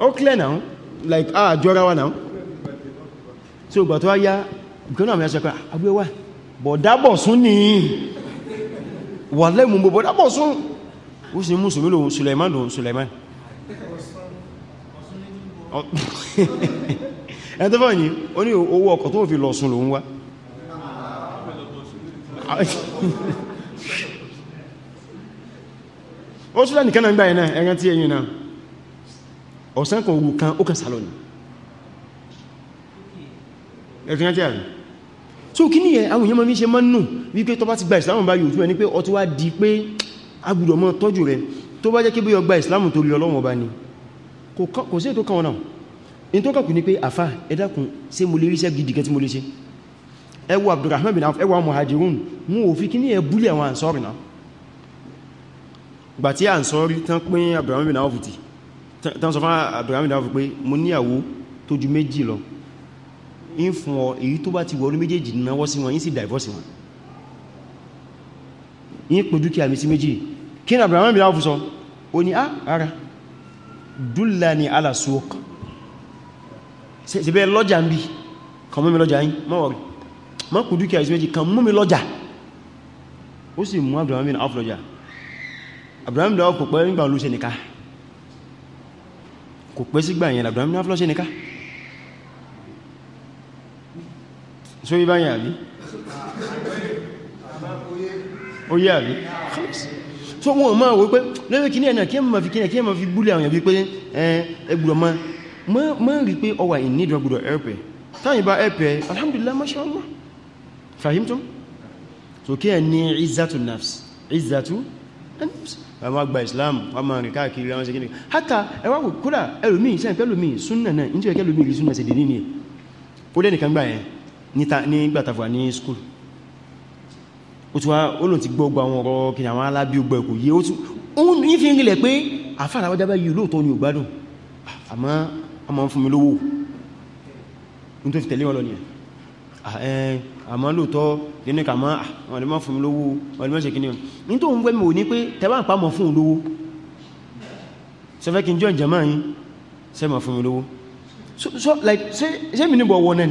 ó clear now like ah jọra wa now so ìgbà tó wá yá ìkọ́nà àmì ẹ̀ṣẹ̀kọ́ agbéwà ah, bọ̀dábọ̀ sún ní wà lẹ́mù bọ̀dábọ̀ sún ó sì mùsùlùmí lòun Suleiman lòun Suleiman ẹni tó fẹ́ yìí ó ní owó ọkọ̀ tó fi lọ sùn lòun wá *laughs* ó sílẹ̀ nìkan náà gbà ẹ̀ náà ẹ̀rántí ẹ̀yìn náà ọ̀sán kan òwú kan ó kẹsàlọ́ ni ẹ̀kìnrin tí a rí so kí ní àwọn èèyàn ma fi ṣe ma nù wípé tó bá ti gba ìsìlámù bá yóò túnmọ̀ ní pé ọ ti wá di pé agbùdọ̀ mọ́ tọ́jú rẹ tó bá jẹ́ kí bóyọ gba ìsìlámù tó rí ọlọ́wọ̀n bá ní kò sí ètò kan wọn náà in tó kàkù ní pé àfá ẹ dákun ṣé mo lè ríṣẹ́ gidi kan tí bin Auf ẹ mú òfin kí ní ẹ àwọn àǹsọ́rì náà gbà tí àǹsọ́rì tán pín Abdurrahman bin Auf ti tán sọ fún Abdurrahman bin Auf pé mo níyàwó tó ju méjì lọ in fún ọ èyí tó bá ti wọ́n méjèèjì náwọ́ sí wọn in sì divorce wọn in pè dúkìá mi sí méjì kí ní Abraham bí áwùsọ o ní ara dúlà ní alàsók síbẹ̀ lọ́jà ń bí kan mú mi lọ́jà yín mọ́wọ̀rí mọ́ pè dúkìá sí méjì kan mú mi lọ́jà ó sì mú Abraham bí áwùsọ Abraham bí áwùsọ pẹ̀lú ìgbà olóṣẹ́ nìka Abraham bí áwùsọ so yí báyìí àbí oyé àbí so wọn máa wó pé lórí kí ní ẹ̀nà kí ẹ ma fi kí ẹ ma fi búlẹ̀ àwọn ìbí pé ẹgbùrọ̀ ma ma rí pé ọwà ìnídọ̀gbùrọ̀ ẹ̀pẹ̀ táyìn bá ẹ̀pẹ̀ alhamdulillah mashallah fahimtum so kí ẹ ní izzatu nafs izzatu nafs àwọn àgbà islam wọ́n máa rìn káàkiri àwọn ṣekínlẹ̀ hátà ẹwà kò kúrà ẹlòmí ìṣẹ́ ìpẹ́lòmí súnnà náà ní tí ó yẹ kẹ́lòmí ìrí súnnà sí dì ní ní ó lẹ́nìkan gbà nígbàtàfà ní skúl ó tún wá olùn ti gbogbo àwọn ọ̀rọ̀ kìnnà àwọn alábí ogbò ẹ̀kù yí ó tún ní fi ń rí lẹ̀ pé àfàrà wọ́n yìí lóòtọ́ ni ògbádùn àmọ́ a máa fún mi lówó ní tó fi tẹ̀lé wọn lọ so like ṣe mi níbọ̀ wọ́n náà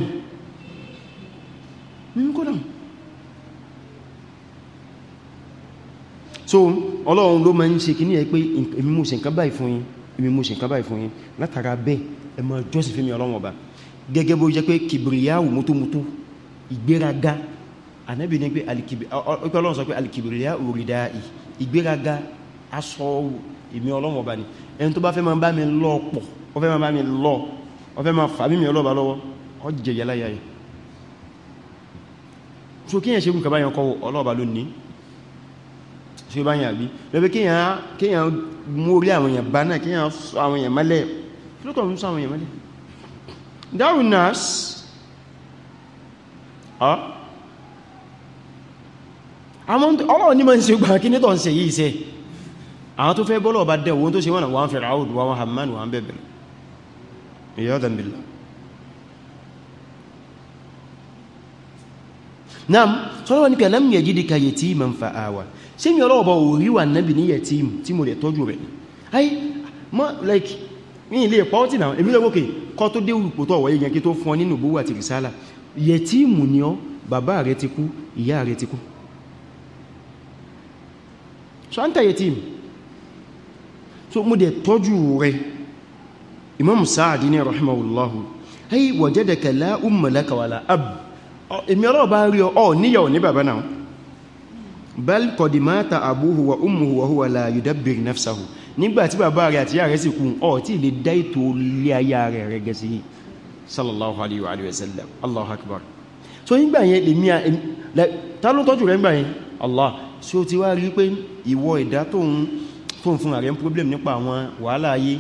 mímúkọ́dà so ọlọ́run ló máa ń ṣe kíní ẹ pé èmi mo ṣe nǹkan báyìí fún yín èmi mo ṣe nǹkan báyìí fún yín látara bẹ́ẹ̀ ẹ máa jọ́sìn fún mi ọlọ́run ọba gẹ́gẹ́ bó jẹ́ pé kìbìrìyàwó mútómútó ìgbéraga ànábì ní pé ọlọ́run sọ pé alìkìbìrìyàwó rìdá ìgbéraga aṣọ èmi ọlọ́run ọba ni ẹni tó so kíyàn ṣe gùnkà báyàn kọwọ́ ọlọ́ọ̀bá ló ní ṣe báyàn àbí lọ́bẹ̀ kíyàn mú orí àwọn èèyàn bá náà kíyàn sọ àwọn èèyàn mẹ́lẹ̀ kílùkọ̀ mú sọ àwọn èèyàn mẹ́lẹ̀ darun nas ọlọ́ọ̀ ní ma ń ṣe gbà kí ní tọ́ ń ṣe yìí ṣe àwọn tó fẹ́ bọ́lọ̀ bá dẹ̀ wọ́n tó ṣe wọ́n wọ́n fẹ̀rẹ̀ àwòdù wọn hàmán wọn bẹ̀bẹ̀rẹ̀ ìyọ́dàn billah naam sọ́lọ́wọ́ ní pé alam yajidika yatiman fa'awa ṣe mi ọlọ́ọ̀bọ̀ oríwà nábi ní yatim tí mo lè tọ́jú rẹ̀ ayi ma like ní ilé pọ́ọ̀tì náà èmi lọ́gbókè kọ́ tó dé ìpò tó ọ̀wọ̀ yẹn kí tó fún ọ nínú bówà ti rìsálà yẹtíìmù ni ọ bàbá rẹ̀ ti kú ìyá rẹ̀ ti kú so an ta yẹtíìmù so mú èmi ọlọ́run bá ń rí ọ níyà ò ní bàbá náà bal qad mata abuhu wa ummuhu wa huwa la yudabbir nafsahu nígbàtí bàbá rẹ̀ àti yà rẹ̀ sì kú ọ tí lè dá ètò lé rẹ̀ rẹ̀ gẹ̀ sí so nígbà yẹn lè mí ta ló tọ́jú rẹ̀ so ti wá rí pé ìwọ ìdá tó problem nípa àwọn wàhálà ayé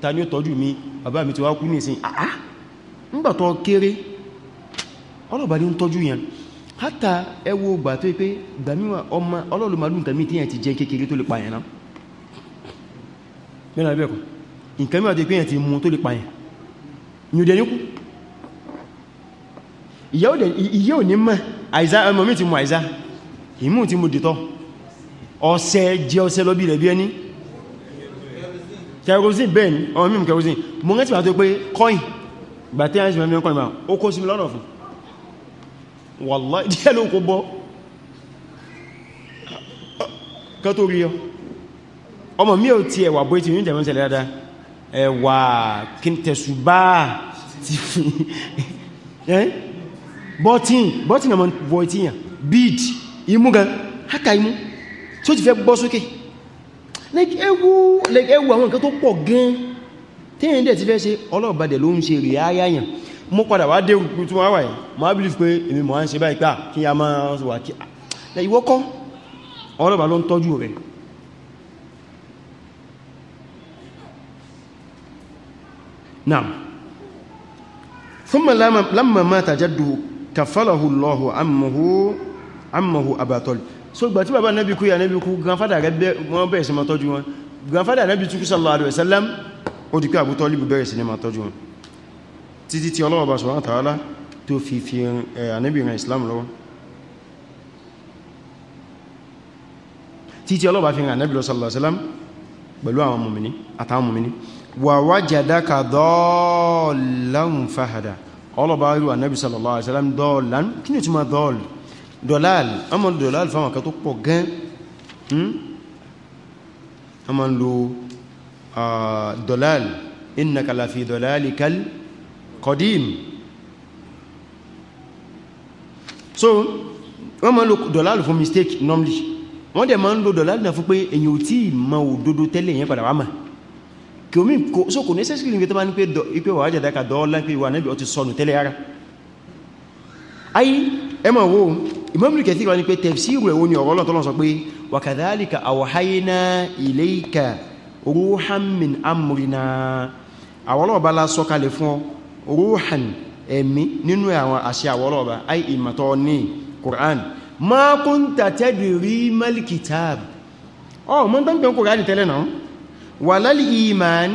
ta ni ó tọ́jú mi bàbá mi kéré ọlọ́ọ̀bá ní ń tọ́jú yẹn hátà ẹwọ ògbà tó pé gbàmíwà ọmọ ọlọ́lùmọ́lù tàbí tí yẹn ti jẹ kékeré tó lè pààyàn náà mẹ́rin abẹ́ẹ̀kọ́ nǹkan mẹ́wàá tó pé yẹn ti mú tó lè pààyàn ní òdẹ níkú ìyẹ́ ò ní mọ́ àìsá ọmọ mi ti mú àìsá ìmú ti mú dìtọ́ ọ̀sẹ̀ jẹ ọ̀sẹ̀ lọ bí rẹ̀ bí ẹni kerosene bẹ́ẹ̀ coin gbàtẹ́ àìsí mẹ́rin coin ó kó sí mi lọ́nà fún wàllá ìdíyà ló kò bọ́ kan tó rí ọ ọmọ mi ò ti ẹ̀wà bóyí e ti ní ìjẹ̀mọ́ ìṣẹ̀lẹ̀ dáadáa kí n tẹ̀sù bá ti fi bọ́tín bọ́tín ọmọ bọ́ ìtí yàn bíd imú gan haka imú tí ó ti fẹ́ gbọ́ sókè ẹwù àwọn nǹkan tó pọ̀ gan ti mú padà wá dé òkú tí wọ́n wà yìí ma believe pé èmi mọ̀ ń ṣe báyìí pé kí a máa wà kí à ìwọ́kọ́ ọlọ́bà ló ń tọ́jú rẹ̀ náà thumma lamma mata jaddu kafalahu Allahu ammahu Aba so gbà tí bàbá nẹ́bí kú ya nẹ́bí kú grandfather rẹ̀ wọ́n bẹ̀rẹ̀ sí ma grandfather nẹ́bí tún sallallahu alaihi wasallam ó di pé Abu títí tí Ọlọ́run bá subhanahu wa ta'ala tó fi fi ànábìnrin Islam lọ́wọ́ títí Ọlọ́run bá fi rìn ànábìnrin sallallahu alaihi wasallam pẹ̀lú àwọn mùmìnì àtàwọn mùmìnì wa wajadaka dhallan fahada ọlọ́bá irú ànábì sallallahu alaihi wasallam dhallan kí ni túnmà dọ́ọ̀lù dọ́láàlì ọmọ dọ́láàlì fáwọn kan tó qadim so wọ́n ma ń lo dọ̀láàlù fún mistake normally wọ́n dẹ̀ ma ń lo dọ̀láàlù náà fún pé èyàn ò tí ma òdodo tẹ́lẹ̀ yẹn padà wá mà kí omi so kò necessarily ní pé tó bá ní pé wà ájàdáka dọ́ọ́lá pé wà náàbí ọ sọnù tẹ́lẹ̀ ara ayi ẹmọ̀ wo imamu Kathir wá ní pé tafsiru ẹ̀wọ́ ni ọ̀rọ̀ wa kadhalika awhayna ilayka ruhan min amrina àwọn ọlọ́ọ̀bá la ruhan ẹ̀mí nínú àwọn àṣẹ àwọ́lọ́ba ai ìmọ̀tọ́ ní Qur'an ma kunta tadri mal kitab ọ mọ́ tán pẹ̀ Qur'an tẹ́lẹ̀ náà walal iman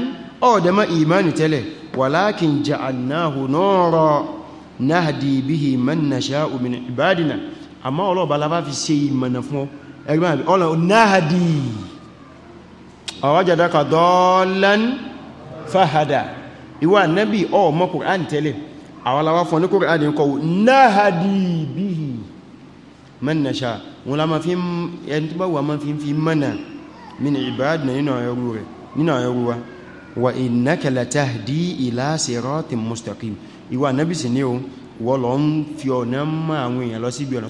ọ da ma iman tẹ́lẹ̀ walakin ja'alnahu nuran nahdi bihi man nasha'u min ibadina àmọ́ ọlọ́ọ̀bá la bá fi ṣe ìwà nẹ́bì ọmọ kùránì tẹ́lẹ̀ àwọláwá fún ní kùránì kọwù náhàdì bí i mẹ́nàṣà wọn lá ma fi fi mẹ́nà min ibadina nínú ẹrù wa wa innaka latahdi ila siratin mustaqim ń fi ọ̀nà mọ́ àwọn èèyàn lọ sí ibi ọ̀nà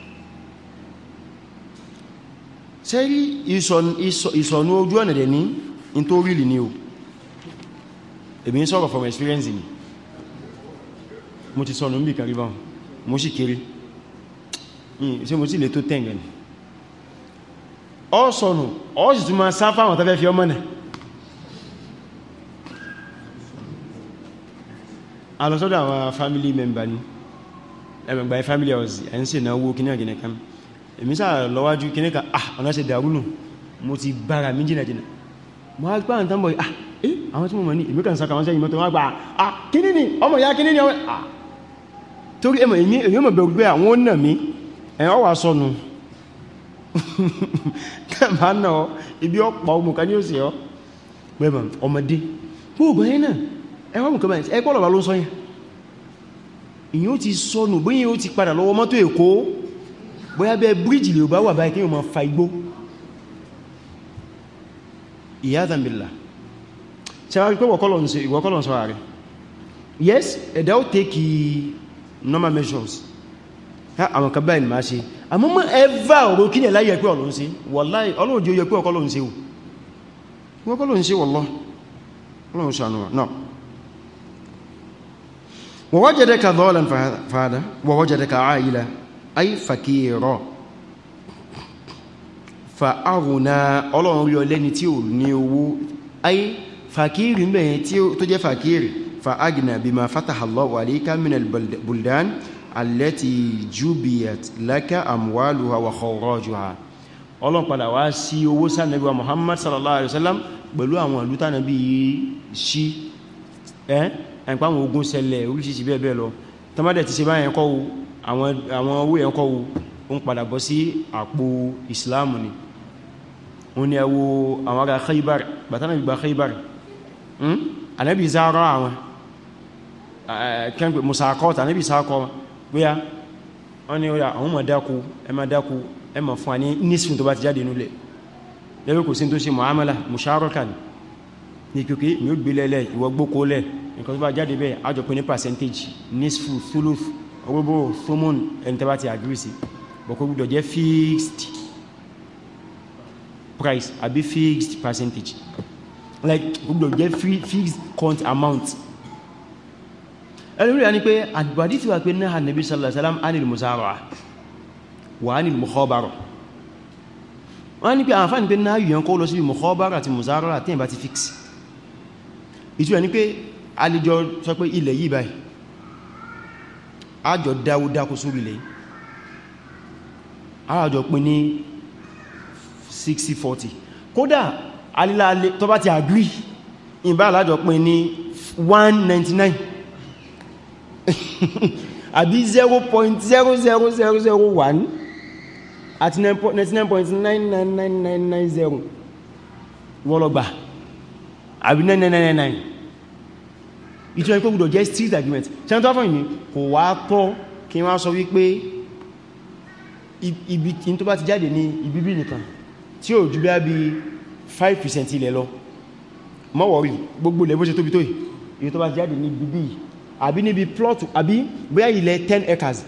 ṣe rí ìsọ̀nù ojú ọ̀nà dẹ̀ ní in tó rí lì ní o èmi ń sọ̀rọ̀ from experience ni mo ti sọ̀nù mí kàrí báhùn mo sì kéré ṣe mo sì lè tó tẹ́ǹgẹ̀ ni ọ sọ̀nù ọ sì tún máa sáfà àwọn tàbí fi ọmọ náà alọ́sọ́dọ̀ àwọn family member ni ẹgbẹ̀gbẹ̀ family house ẹ̀ ń ṣe náà wó kí náà gẹ̀ẹ́ èmi sáà lọ́wájú kí níka ah ọ̀nà ṣe dàrúnù mo ti bára mi jìnà jìnà mo á gbá ah eh àwọn tí mo mọ̀ ní èmi kàn sáka wọn sẹ́yìn mọ́tọ̀ wọ́n gbà ah kí ní ni ọmọ ya kí ní ni ọmọ ah torí ẹmọ èmi èmi mọ̀ bẹ̀rù pé àwọn mi ẹ̀yàn wà sọnù kẹ́mà *laughs* náà ibi ọ̀pọ̀ ọmọ kan yóò sì ọ́ pẹ̀mọ̀ ọmọdé gbogbo ẹ̀yìn náà ẹwọ́n mùkẹ́ báyìí ẹ̀kọ́ lọ́wọ́ ló sọ yẹn ìyẹn ó ti bóyá bẹ́ bíríjì lè bá wà báyìí kí o ma fa igbó iyadhan billah ṣe wá rí pé ìwọ̀kọ́lọ̀ sọ ààrẹ yes ẹ̀dá ó tèkì normal measures àwọn kan báyìí máa ṣe àmọ́ mọ́ ẹvà ọ̀rọ̀ kí ní ẹ̀láyẹ̀ pé ọ̀lọ́ ń ṣe wallahi ọlọ́run jẹ́ ay fakiro fa aruna ọlọ́run rí ọlẹ́ni tí ò ní owó ay fakiri mẹ́rin tí ó jẹ́ fakiri fa agina bima fataha Allahu alayka min al-buldan allati jubiyat laka amwaluha wa khawrajuha ọlọ́run padà wá sí owó sánàbí wa Muhammad sallallahu alaihi wasallam pẹ̀lú àwọn ìlú tánàbí sí tamadẹ̀ ti ṣe báyẹn kọ́ àwọn owó ẹ̀kọ́ wu ó ń padà bọ́ sí àpò islamu ni wọ́n ni ẹwọ àwọn ará khaybar bàtánà gbígbà khaybar anábi hmm? zára àwọn kẹ́gbẹ̀ musakọ́ tànábi sákọ́ gbéyà wọ́n ni àwọn ma dákú ẹ ma dákú ẹ ma fún àní nísfin tó bá ti jáde nulẹ̀ lẹ́wẹ́ sí ni kíkí percentage nísfin thuluth ogbogbo thomon ẹni tẹ́bá ti agree sí bọ̀kọ́ gbọ́dọ̀ jẹ́ fixed price àbí fixed percentage like gbọ́dọ̀ jẹ́ fixed count amount ẹlúrí àní pé àdìbàdí ti wà pé náà nàbí sallallahu alaihi wasallam anil musara wà anil mukhabara wọ́n ní pé àǹfààní pé náà yìí kọ́ lọ sí mukhabara àti musara tí ìbá ti fix ìtú ẹni pé alìjọ sọ pé ilẹ̀ yìí báyìí àjọ dáúdákú sórílẹ̀ àjọ pín ní 60-40 kódà alílàálẹ̀ tó bá ti agree ìbá alájọ pín ní 199 *laughs* àbí 0.00001 àti 99.99990 wọ́lọ́gbà àbí 9999 ìtọ́ ìpé gbọdọ̀ jẹ́ street argument senator fún ìní kò wá tọ́ kí wọ́n sọ wípé ibi tó bá ti jáde ní ibíbí nìkan tí ò jù bí i 5% ilẹ̀ lọ mọ́wọ̀rí gbogbo ilẹ̀ bó ṣe tóbi tó yìí ibi tó bá ti jáde ní ibíbí àbí níbi plot àbí bóyá ilẹ̀ 10 acres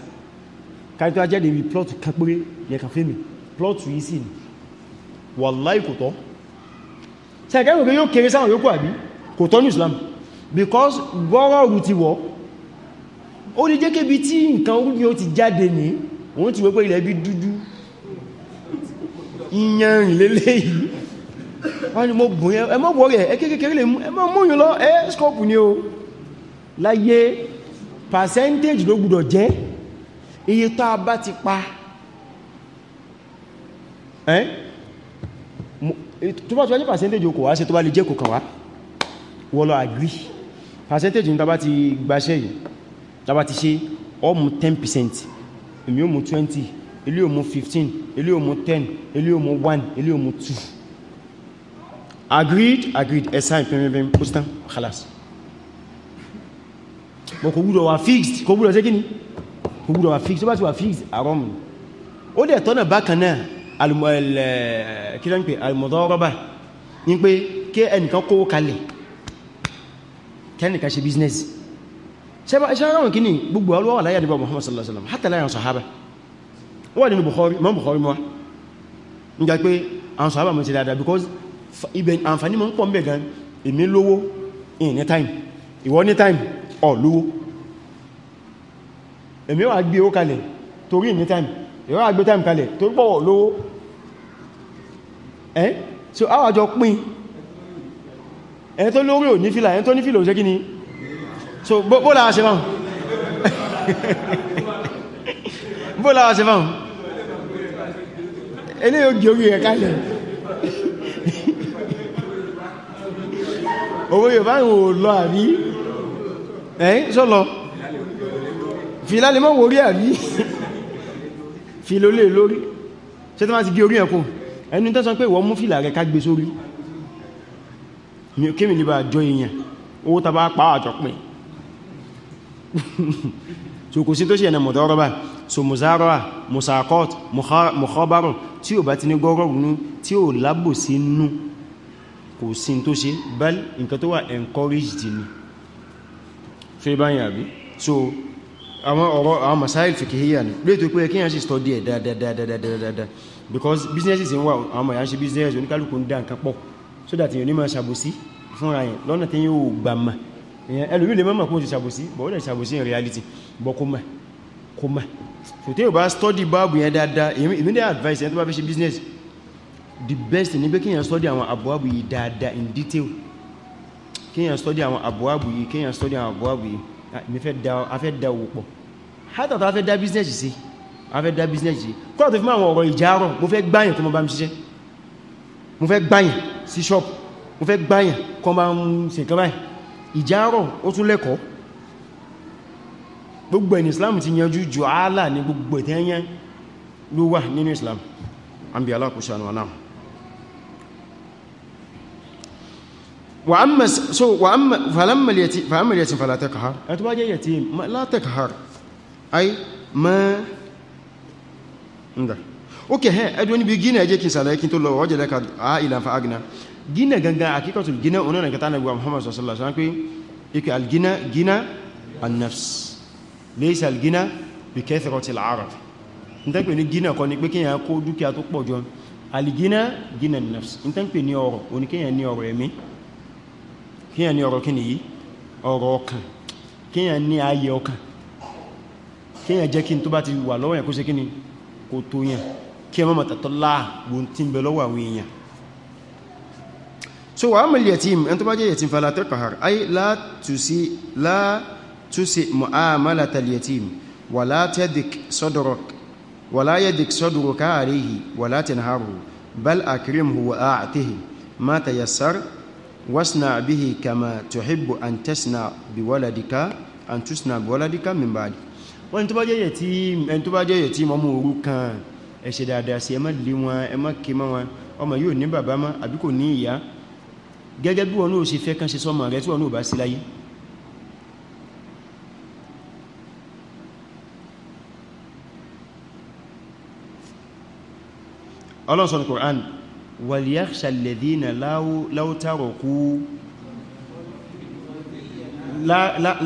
kárí tó bá jáde ibi plot kan péré ilẹ̀ kan fẹ́mi plot yìí sì ni wàláì kò tọ́ sẹ́kẹ́ yóò kéré sáwọn yóò kó àbí kò tọ́ ní Islam because gbọ́rọ̀ òrù ti wọ́ ó lè jẹ́ kébi tí nǹkan orúgbìn ó ti jáde ní wọ́n ti wọ́pẹ́ ilẹ̀ bí dúdú ìyànrìn lélẹ̀ yìí wọ́n ni mo gùn yẹn ẹmọ́ bọ̀ rẹ̀ ẹkékeré lè mú yìí lọ ẹ́ skọ́pù ni o láyé percentage ló gbọ́dọ̀ jẹ́ iye tó a bá ti pa ẹ́ tó bá tó wá ní percentage okòwá sí tó bá lè jẹ́ kò kàn wá wọ́lọ́ agree percentage ní tàbá ti gbaṣẹ́ yìí tàbá ti ṣe ọmù 10% èmi ó mú 20 ilé ó mú 15 ilé ó mú 10 ilé ó mú 1 ilé ó mú 2 agreed agreed ẹ̀sá ìpẹ̀mẹ̀mẹ̀ postan khalas bọ̀ kò gbúdọ̀ wà fixed kò gbúdọ̀ sékíní kò gbúdọ̀ wà fixed tó bá ti wà fixed àrọ́mù ó dẹ̀ tọ́nà bákan náà alùmọ̀ ẹ̀lẹ̀ eh, kí lọ́n pè alùmọ̀dọ́rọ́bà ní pé kí ẹnìkan kó kalẹ̀ kẹ́nìkan ṣe business ṣẹ́ráwọn kìíní gbogbo alówà láyé àdíbà Muhammad sallallahu alaihi wasallam hátà láyé àwọn sàhábà wọ́n nínú Bukhari mọ́ Bukhari mọ́ ń ga pé àwọn because ibẹ̀ àǹfàní mọ́ ń pọ̀ ń bẹ̀ gan èmi lówó in ní time ìwọ ní time ọ̀ lówó èmi wà gbé time ìwọ wà gbé time ẹ́ so àwàjọ pín ẹni tó lórí ò ní fìlà ẹni tó ní fìlà ò ṣe kí ni so bóòlà ṣe fáhùn *laughs* bóòlà ṣe fáhùn ilé ògì orí rẹ̀ káìlẹ̀ owó *laughs* yóò bá ìwò lọ àrí ẹ̀yìn sọ́lọ fìlà lè mọ́ wò rí àrí *laughs* fìlò lè lórí ṣe tó má ti gé orí ẹ̀kùn ẹni tó sọ pé wọ́n mú fìlà rẹ̀ ká gbé sórí kémi ní bá jọ èèyàn owó tàbá pàwà jọ pín so kò sí tó ṣe ẹ̀nà mọ̀dọ́rọ̀bá so muzara'a musaqat mukhabarun tí ó bá ti ní gọ́rọ̀rùnú tí ó lábò sí nú kò sí tó ṣe bal nǹkan tó wà encouraged ni so ibá yà bí so àwọn ọ̀rọ̀ àwọn masáìl fiqhiyya ni lè tó pé kí yàn sí study ẹ̀ dáadáa because businesses ń wà àwọn yàn ṣe business oníkálùkù ń dá nǹkan pọ̀ so that èyàn ní máa ṣàbòsí fúnra yẹn lọ́nà tí yóò gbà mà èyàn ẹlòmí lè mọ́mọ̀ kún ti ṣàbòsí bọ̀ ó lè ṣàbòsí in reality bọ̀ kó mà kó mà so tí yóò bá study báàbù yẹn dáadáa èmi dẹ́ advice yẹn tó bá fẹ́ business the best ni pé kíyàn study àwọn àbúwábù yìí dáadáa in detail kíyàn study àwọn àbúwábù yìí kíyàn study àwọn àbúwábù yìí mi fẹ́ da a fẹ́ da owó pọ̀ hátà tó a fẹ́ dá business sí a fẹ́ dá business sí kọ́ tó fi máa àwọn ọ̀rọ̀ ìjárọ̀ mo fẹ́ gbáyìn tó mo bá mi ṣiṣẹ́ mo fẹ́ gbáyìn sí shop mo fẹ́ gbáyàn kan bá ń ṣe nǹkan báyìí ìjárọ̀ ó tún lẹ́kọ̀ọ́ gbogbo ẹni Islam ti yanjú jù áàlà ní gbogbo ìtẹ́yẹn ló wà nínú Islam an bí alákùsànù anáà fa'ammal yatim fala takhar ẹni tó bá ok ẹ̀ ẹdùn níbi gínà ẹjẹ́ kí sàlẹ̀ kí tó lọ ọjẹ́ lẹ́ka àìlà fa agna gínà gangan àkíkọ̀tù gínà onáà kẹta nàgbà Muhammad sallallahu alaihi wasallam pé ikẹ̀ algina gina annafs laysa algina bi kathrati al-arad n tẹ́ pè ní gínà kọ́ ni pé kíyàn kó dúkìá tó pọ̀ jọ algina gina annafs n tẹ́ pè ní ọrọ̀ oní kíyàn ní ọrọ̀ ẹ̀mí kíyàn ní ọrọ̀ kíni yìí ọrọ̀ ọkàn kíyàn ní ayé ọkàn kí ẹmọ́ mọ̀tàtọ́lá gbọ́n tí ń bẹ lọ́wọ́ àwọn èèyàn so wà ámìlì yatim ẹn tó bá jẹ́ yatim fàlá taqhar ay la tusi la tusi mu'amalata al-yatim wa la tadik sadrak wa la yadik sadruka alayhi wa la tanharu bal akrimhu wa a'tihi ma tayassar wasna bihi kama tuhibbu an tasna bi waladika an tusna bi waladika min bá ẹ ṣe dáadáa sí ẹ má lé wọn ẹ má ké mọ́ wọn ọmọ yóò ní bàbá mọ́ àbí kò ní ìyá gẹ́gẹ́ bí wọn náà ṣe fẹ́ kán ṣe sọ́mọ rẹ̀ tí wọn náà bá sí láyé Allah sọ ní Qur'an waliyakhsha alladhina law taraku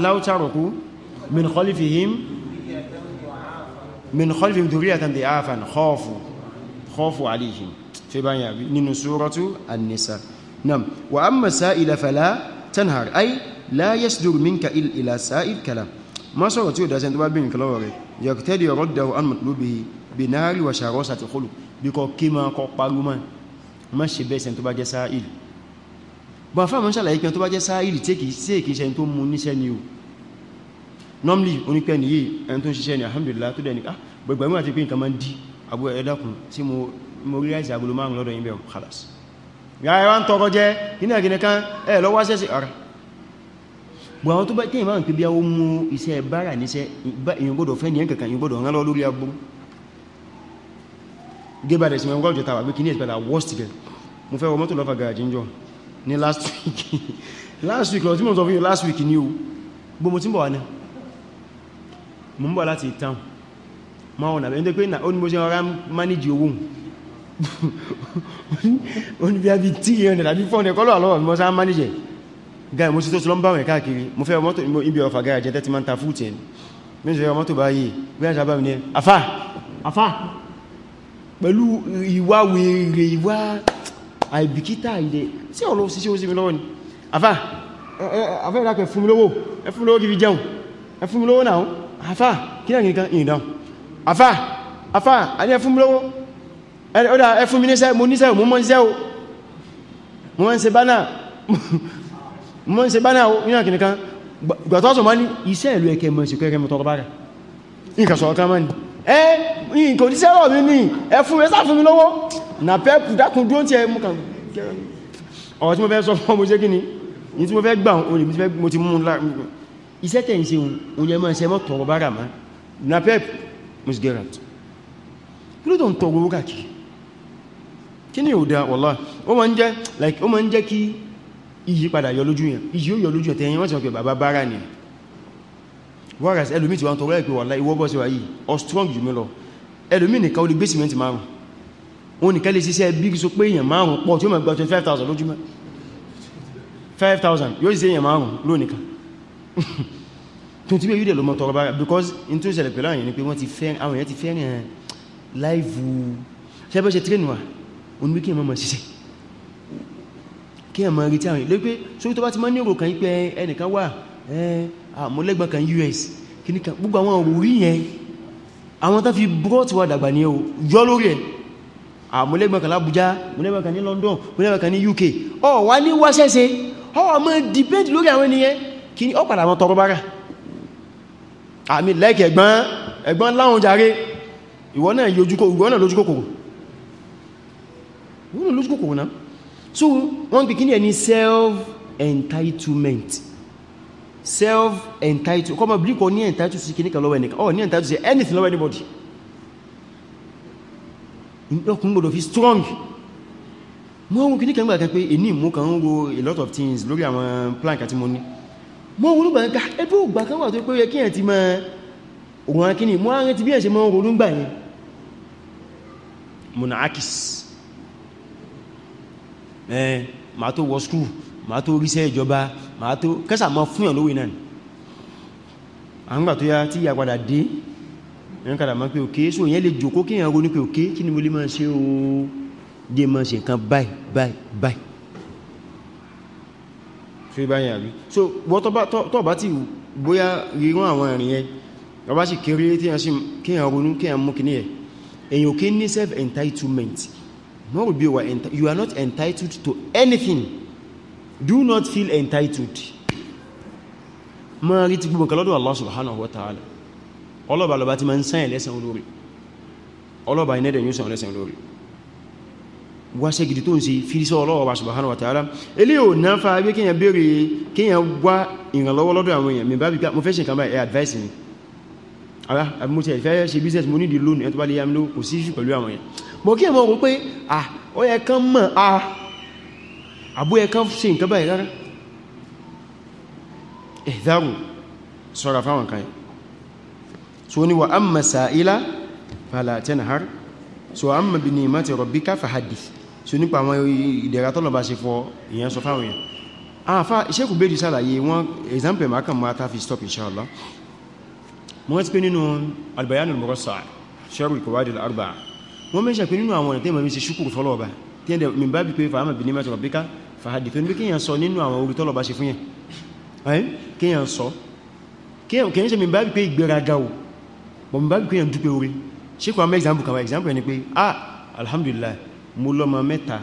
law taraku min khalfihim min khalfihim dhurriyatan dhi'afan khafu khafu alayhim fi ban yabi nínú suratu an-nisa nam wa amma sa'ila fala tanhar ay la yasdur minka il ila sa'il kalam ma sọ̀rọ̀ tí ó da sen tó bá bin kan lọ́wọ́ rẹ̀ yaqtadi raddahu an matlubihi binari wa sharasati khulu bi ko kima ko paru man ma ṣe bẹ́ẹ̀ sen tó bá jẹ́ sa'il ba fa man shala ikan tó bá jẹ́ sa'il te ki se ki sen tó mú ni se ni o normally onípẹ́ nìyí ẹni tó ń ṣiṣẹ́ ní alhamdulillah tó dẹni ah gbogbo ẹgbẹ́ àti pé nǹkan máa di, dí abu ẹ̀dàkùn tí mo rí àìsí agolo márùn lọ́dọ̀ yìí bẹ̀rù khalas yàrá wa ń tọrọ jẹ́ nínú ẹ̀gìnì kan ẹ̀ lọ́wọ́ sẹ́sì ara bọ̀ àwọn tó bá tẹ́yìn máa ń pè bí àwọn mú iṣẹ́ bára níṣẹ́ èyàn gbọ́dọ̀ fẹ́ ní ẹ̀kẹ̀kan èyàn gbọ́dọ̀ rán lọ lórí agbó gébà dẹ̀ sí mẹ́rin gọ́ọ̀jọ́ tàwà pé kí ní ìsìpẹ̀lá worst gẹ̀ mo fẹ́ wọ mọ́tò lọ́fà gàràjì ń jọ ní last week *laughs* last week lọ tí mo sọ fún last week ni o gbogbo tí ń bọ̀ wá náà mú bọ̀ láti town máa wọ̀nà bẹ̀rẹ̀ pé ó ní mo ṣe ọ̀rá manage owó ó ní bí i tí ìrìn àbí fọ́nà ẹ̀kọ́ lọ́wọ́ mọ́ sá manage gáì mo sì tó sọlọ́mbà rẹ̀ káàkiri mo fẹ́ mọ́tò ibi ọ̀fà gáà jẹ́ tẹ́tí máa ń ta fúùtì ẹni mi ṣe mọ́tò báyìí bí i àṣàbà mi ní afá afá pẹ̀lú fún mi lówó ẹ mi lówó kìí jẹun ẹ mi lówó náà afá kí náà nìkan ìdán afá afá alẹ́ ẹfún mi lọ́wọ́ ọdá ẹfún mi níṣẹ́ mo níṣẹ́ mo mọ́ níṣẹ́ o mo *laughs* mọ́ níṣẹ́ bánà mo níṣẹ́ bánà o ní àkì nìkan gbàtọ́sọ̀ mọ́ ní iṣẹ́ ìlú ẹkẹ mọ́ ìsìnkú ẹkẹ mọ́ tọrọ bára nǹkan sọ̀rọ̀ kan mọ́ ni ẹ nǹkan oníṣẹ́ rọ̀ mi ní ẹfún ẹsà fún mi lọ́wọ́ nà pẹ́pù dákun dúró tí ẹ mú kan ọ̀rọ̀ tí mo fẹ́ sọ fún ọmọ ṣé kí ni iṣẹ́ tẹ̀ ń ṣe òun yẹ máa ṣe mọ́ tọrọ bára ma napep musgerat kí ló tó ń tọrọ owó kàkì kí ni òdá wọ́lá ó ma ń jẹ́ like ó ma ń jẹ́ kí iyì padà yọ lójú yẹn iyì ó yọ lójú yẹn tẹ́yìn wọ́n ti wọ́n pẹ̀ sí wa yìí ọ strong jù mí lọ ẹlòmí nìkan ó lè gbé sìmẹ́ntì márùn ún nìkan lè ṣiṣẹ́ bí so pé èèyàn márùn pọ̀ tí ó mọ̀ gbọ́ tó tí wéyí dẹ̀ lọ mọ́ tọrọ bára because in tó ìṣẹ̀lẹ̀ pẹ̀lú àyẹ̀ ni pé wọ́n ti fẹ́ àwọn èèyàn ti fẹ́ ní láìvù ṣẹ́bẹ́ ṣe tírínù à oníwé kí ẹ mọ́ ṣiṣẹ́ kí ẹ mọ́ rí tí àwọn èèyàn lé pé sórí tó bá ti mọ́ ní èrò kan pé ẹnìkan wà eh, àmọ́lẹ́gbọ̀n kan US kìníkan gbogbo àwọn òrí yẹn àwọn tó fi brought wà dàgbà ní yọ lórí ẹ̀ àmọ́lẹ́gbọ̀n kan lábújá mọ́lẹ́gbọ̀n kan ní London mọ́lẹ́gbọ̀n kan ní UK ó wá ní wáṣẹ́ṣe ó wá máa depend lórí àwọn ènìyàn kí ní ọ̀pàdà àwọn tọrọ bára àmì lẹ́kẹ̀ ẹ̀gbọ́n ẹ̀gbọ́n láhùn jàre ìwọ náà lójú kòkòrò wọ́n lójú kòkòrò náà so wọ́n pè kí ní ẹni self-entitlement self-entitlement kọ́mọ̀ bí kò ní entitlement sí kìníkà lọ́wọ́ ẹnìkan oh ní entitlement sí anything lọ́wọ́ anybody ọkùnrin gbọdọ̀ fi strong mọ́ ohun kìníkà ń gbà kan pé èní mú kan ń ro a lot of things lórí àwọn plank àti money mọ́ ronú gbà nǹkan ẹbí ògbà kan wà tó pé kí ẹ̀ ti mọ́ òun akíní mọ́ ààrẹ ti bí ẹ̀ ṣe mọ́ ronú gbà yẹn monarchis ẹ̀ ma tó wọ skúù ma tó ríṣẹ́ ìjọba ma tó kẹsà mọ́ fún ẹ̀ lówè náà àǹgbà tó yá tí ìyàpadà dé ẹ̀yàn kàdà mọ́ pé òkè so ìyẹn lè jòkó kí ìyàn ronú pé òkè kí ni mo lè máa ṣe ó dé máa ṣe nǹkan báyìí báyìí báyìí ṣe báyìí so wọ́n tọ́ bá ti bóyá rírún àwọn ìrìn yẹn wọ́n bá sì kéré tí wọ́n sì kí wọ́n ronú kí wọ́n mú kí ní ẹ̀ èyàn kí ní self entitlement mọ́ rò you are not entitled to anything do not feel entitled máa rí ti gbogbo nǹkan lọ́dọ̀ Allah subhanahu wa ta'ala ọlọ́ba lọba ti máa ń sáyẹ̀ lẹ́sàn olórí ọlọ́ba inẹ́dẹ̀ yóò sàn lẹ́sàn olórí wáṣẹ́ gidi tó ń ṣe fírísọ́ ọlọ́wọ́ wa subhanahu wa ta'ala ilé ò náà fa bí kíyàn bèèrè kíyàn wá ìrànlọ́wọ́ lọ́dọ̀ àwọn èèyàn mìíràn bí mo fẹ́ ṣe kàmà ẹ̀ advice ni ara mo ti ẹ̀fẹ́ ṣe business mo nídi loan ẹ̀ ah, ah, so amma sa'ila fala tanhar so amma bi so nípa àwọn ìdẹ̀ra tọ́lọ̀ bá ṣe fọ ìyẹn sọ fáwọn èèyàn àfá ìṣẹ́kù bèèrè sàlàyé wọn example ma kàn máa tàfi stop inshallah wọ́n ti pé nínú albayan al-murassa sharu al-kawadi al-arba wọ́n mẹ́ṣẹ̀ pé nínú àwọn ìtẹ́ ìmọ̀mí sí ṣúkùrù fọ́lọ́ọ̀bá tí ẹ̀dẹ̀ mi bá bí pé fa'ama bi ni'mati rabbika fahadith ní kí yàn sọ nínú àwọn orí tọ́lọ̀bá ṣe fún yẹn kí yàn sọ kí yàn ah, alhamdulillah mo lọ́mọ mẹ́ta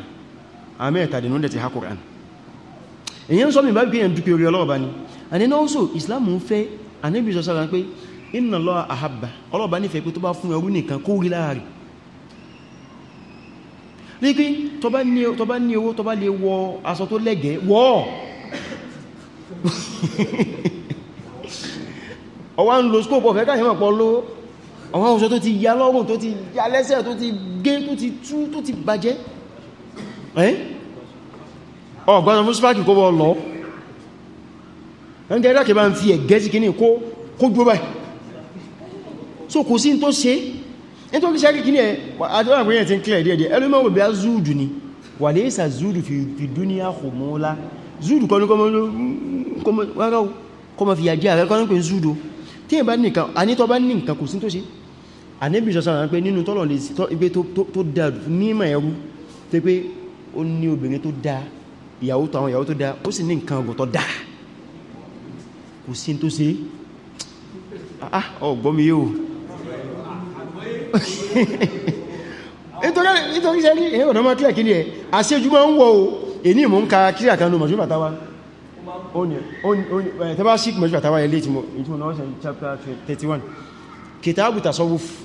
a mẹ́ta dínú dẹ̀ ti ha Qur'an èyàn sọ́mí bá bí i ẹ̀dùkú orí ọlọ́ọ̀bá ni and then also Islam ń fẹ́ anábì sọ sára pé inna Allah ahabba ọlọ́ọ̀bá nífẹ̀ẹ́ pé tó bá fún ẹrú nìkan kó rí láàrí rí pé tó bá ní owó tó bá lè wọ aṣọ tó lẹ́gẹ̀ẹ́ wọ́ *laughs* àwọn ọ̀ṣọ́ tó ti ya lọ́rùn tó ti ya lẹ́sẹ̀ tó ti gé tó ti tú tó ti bàjẹ́ ọ̀gbọ́n fún spáàkì kó bọ́ lọ ẹgbẹ́ ìdákẹ̀ bá ń fi ẹ̀gẹ́ sí kìíní kó dúró báyìí so kò sí tó ṣe ní tó ṣe kìíní ẹ̀ àjọ́wà pé yẹn ti ń kílẹ̀ díẹ̀díẹ̀ ẹlúmọ̀ wò bí á zúùdù ni wà lè sà zúùdù fi dúníà kò mọ́lá zúùdù kọ́ ní kọ́mọ́ fi yà jẹ́ àrẹ́kọ́ ní pé zúùdù tí ẹ̀ bá nìkan kò sí tó ṣe anẹ́bí sọ́sọ́nà pé nínú tọ́lọ̀ lè sí pé tó dáa nímọ̀ ẹrú tó pé ó ní obìnrin tó dáa ìyàwó tó àwọn ìyàwó tó dáa ó sì ní nǹkan ọgbọ̀n tó dáa kò sí tó sí ọgbọ́mí yóò nítorí ṣe rí ẹ̀yọ́ ọ̀nà kílẹ̀ kílẹ̀ àṣẹ́jú máa ń wọ́ o èní mò ń ka kílẹ̀ àkànlò mọ̀jú bàtàwà tẹ́bá sí mọ̀jú bàtàwà ilé ìtìmọ̀ náà ṣe chapter 31 kìtàbù tasawuf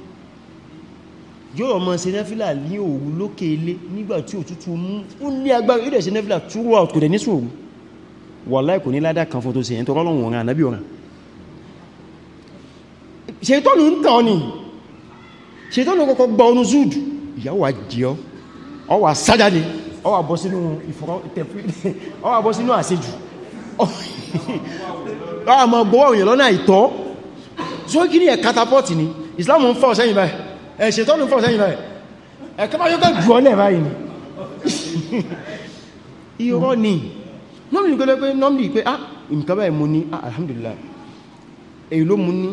yóò mọ́ ṣe nẹ́fílà ní òru lókè ilé nígbàtí òtútù mú ó ní agbára ìdẹ̀ ṣe nẹ́fílà throughout kò dẹ̀ ní sùúrù wàláhì kò ní ládá kan fún tó ṣe ẹ̀ntọ́ ọlọ́run ọ̀rán ànábì ọ̀rán ṣètọ́nù ń tàn ní ṣètọ́nù kọ́kọ́ gba ọnu zúùdù ìyàwó àjíọ́ ọ wà sájáde ọ wà bọ́ sínú *laughs* ọ wà bọ́ sínú àṣejù ọ wà mọ̀ gbọ́wọ̀ òyìn lọ́nà ìtọ́ so kí ni ẹ̀ katapọ́tì ni Islam ń fọ́ sẹ́yìn báyìí ẹ̀ṣẹ̀ tọ́nù fọ́ sẹ́yìn náà ẹ̀kọ́ bá yóò gbọ́ lẹ̀ báyìí ni irọ́ ni nọ́mìnì kọ́lẹ́ pé nọ́mìnì pé ah nǹkan báyìí mo ní ah, alhamdulillah èyí ló mú ní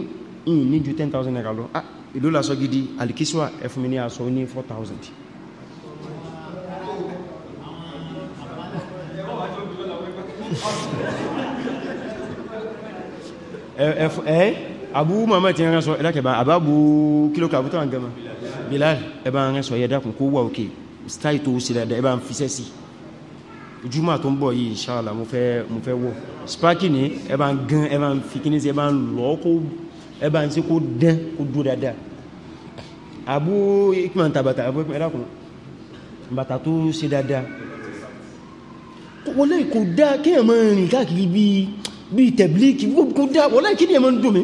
ìyìn ní ju 10,000 naira lọ ah ìlú lásọ gidi alikiswa ẹfún mi ní aṣọ ní 4,000 ẹ̀ ẹ̀ abu mama ti rán sọ ẹ̀dákẹ̀bá àbábù kílòkà àbútọ́ àgbẹ̀mọ̀ Bilal ẹba rán sọ yẹ́dàkùn kó wà òkè style tó sí dada ẹba ń fi sẹ́sì jùmọ́ tó ń bọ̀ yìí inshallah mo fẹ́ wọ́ sparky ní ẹba ń gan ẹba ń fi kíní sí ẹba ń lọ kó ẹba ń sí kó dán kó dó dada abu ikman tabata abu ikman ẹ̀dákùn bàtà tó sí dada wọlé kò dá kí ẹ̀mọ́ rìn káàkiri bí tẹ̀blíkì kò dá wọlé kí ni ẹ̀mọ́ ń dùn mi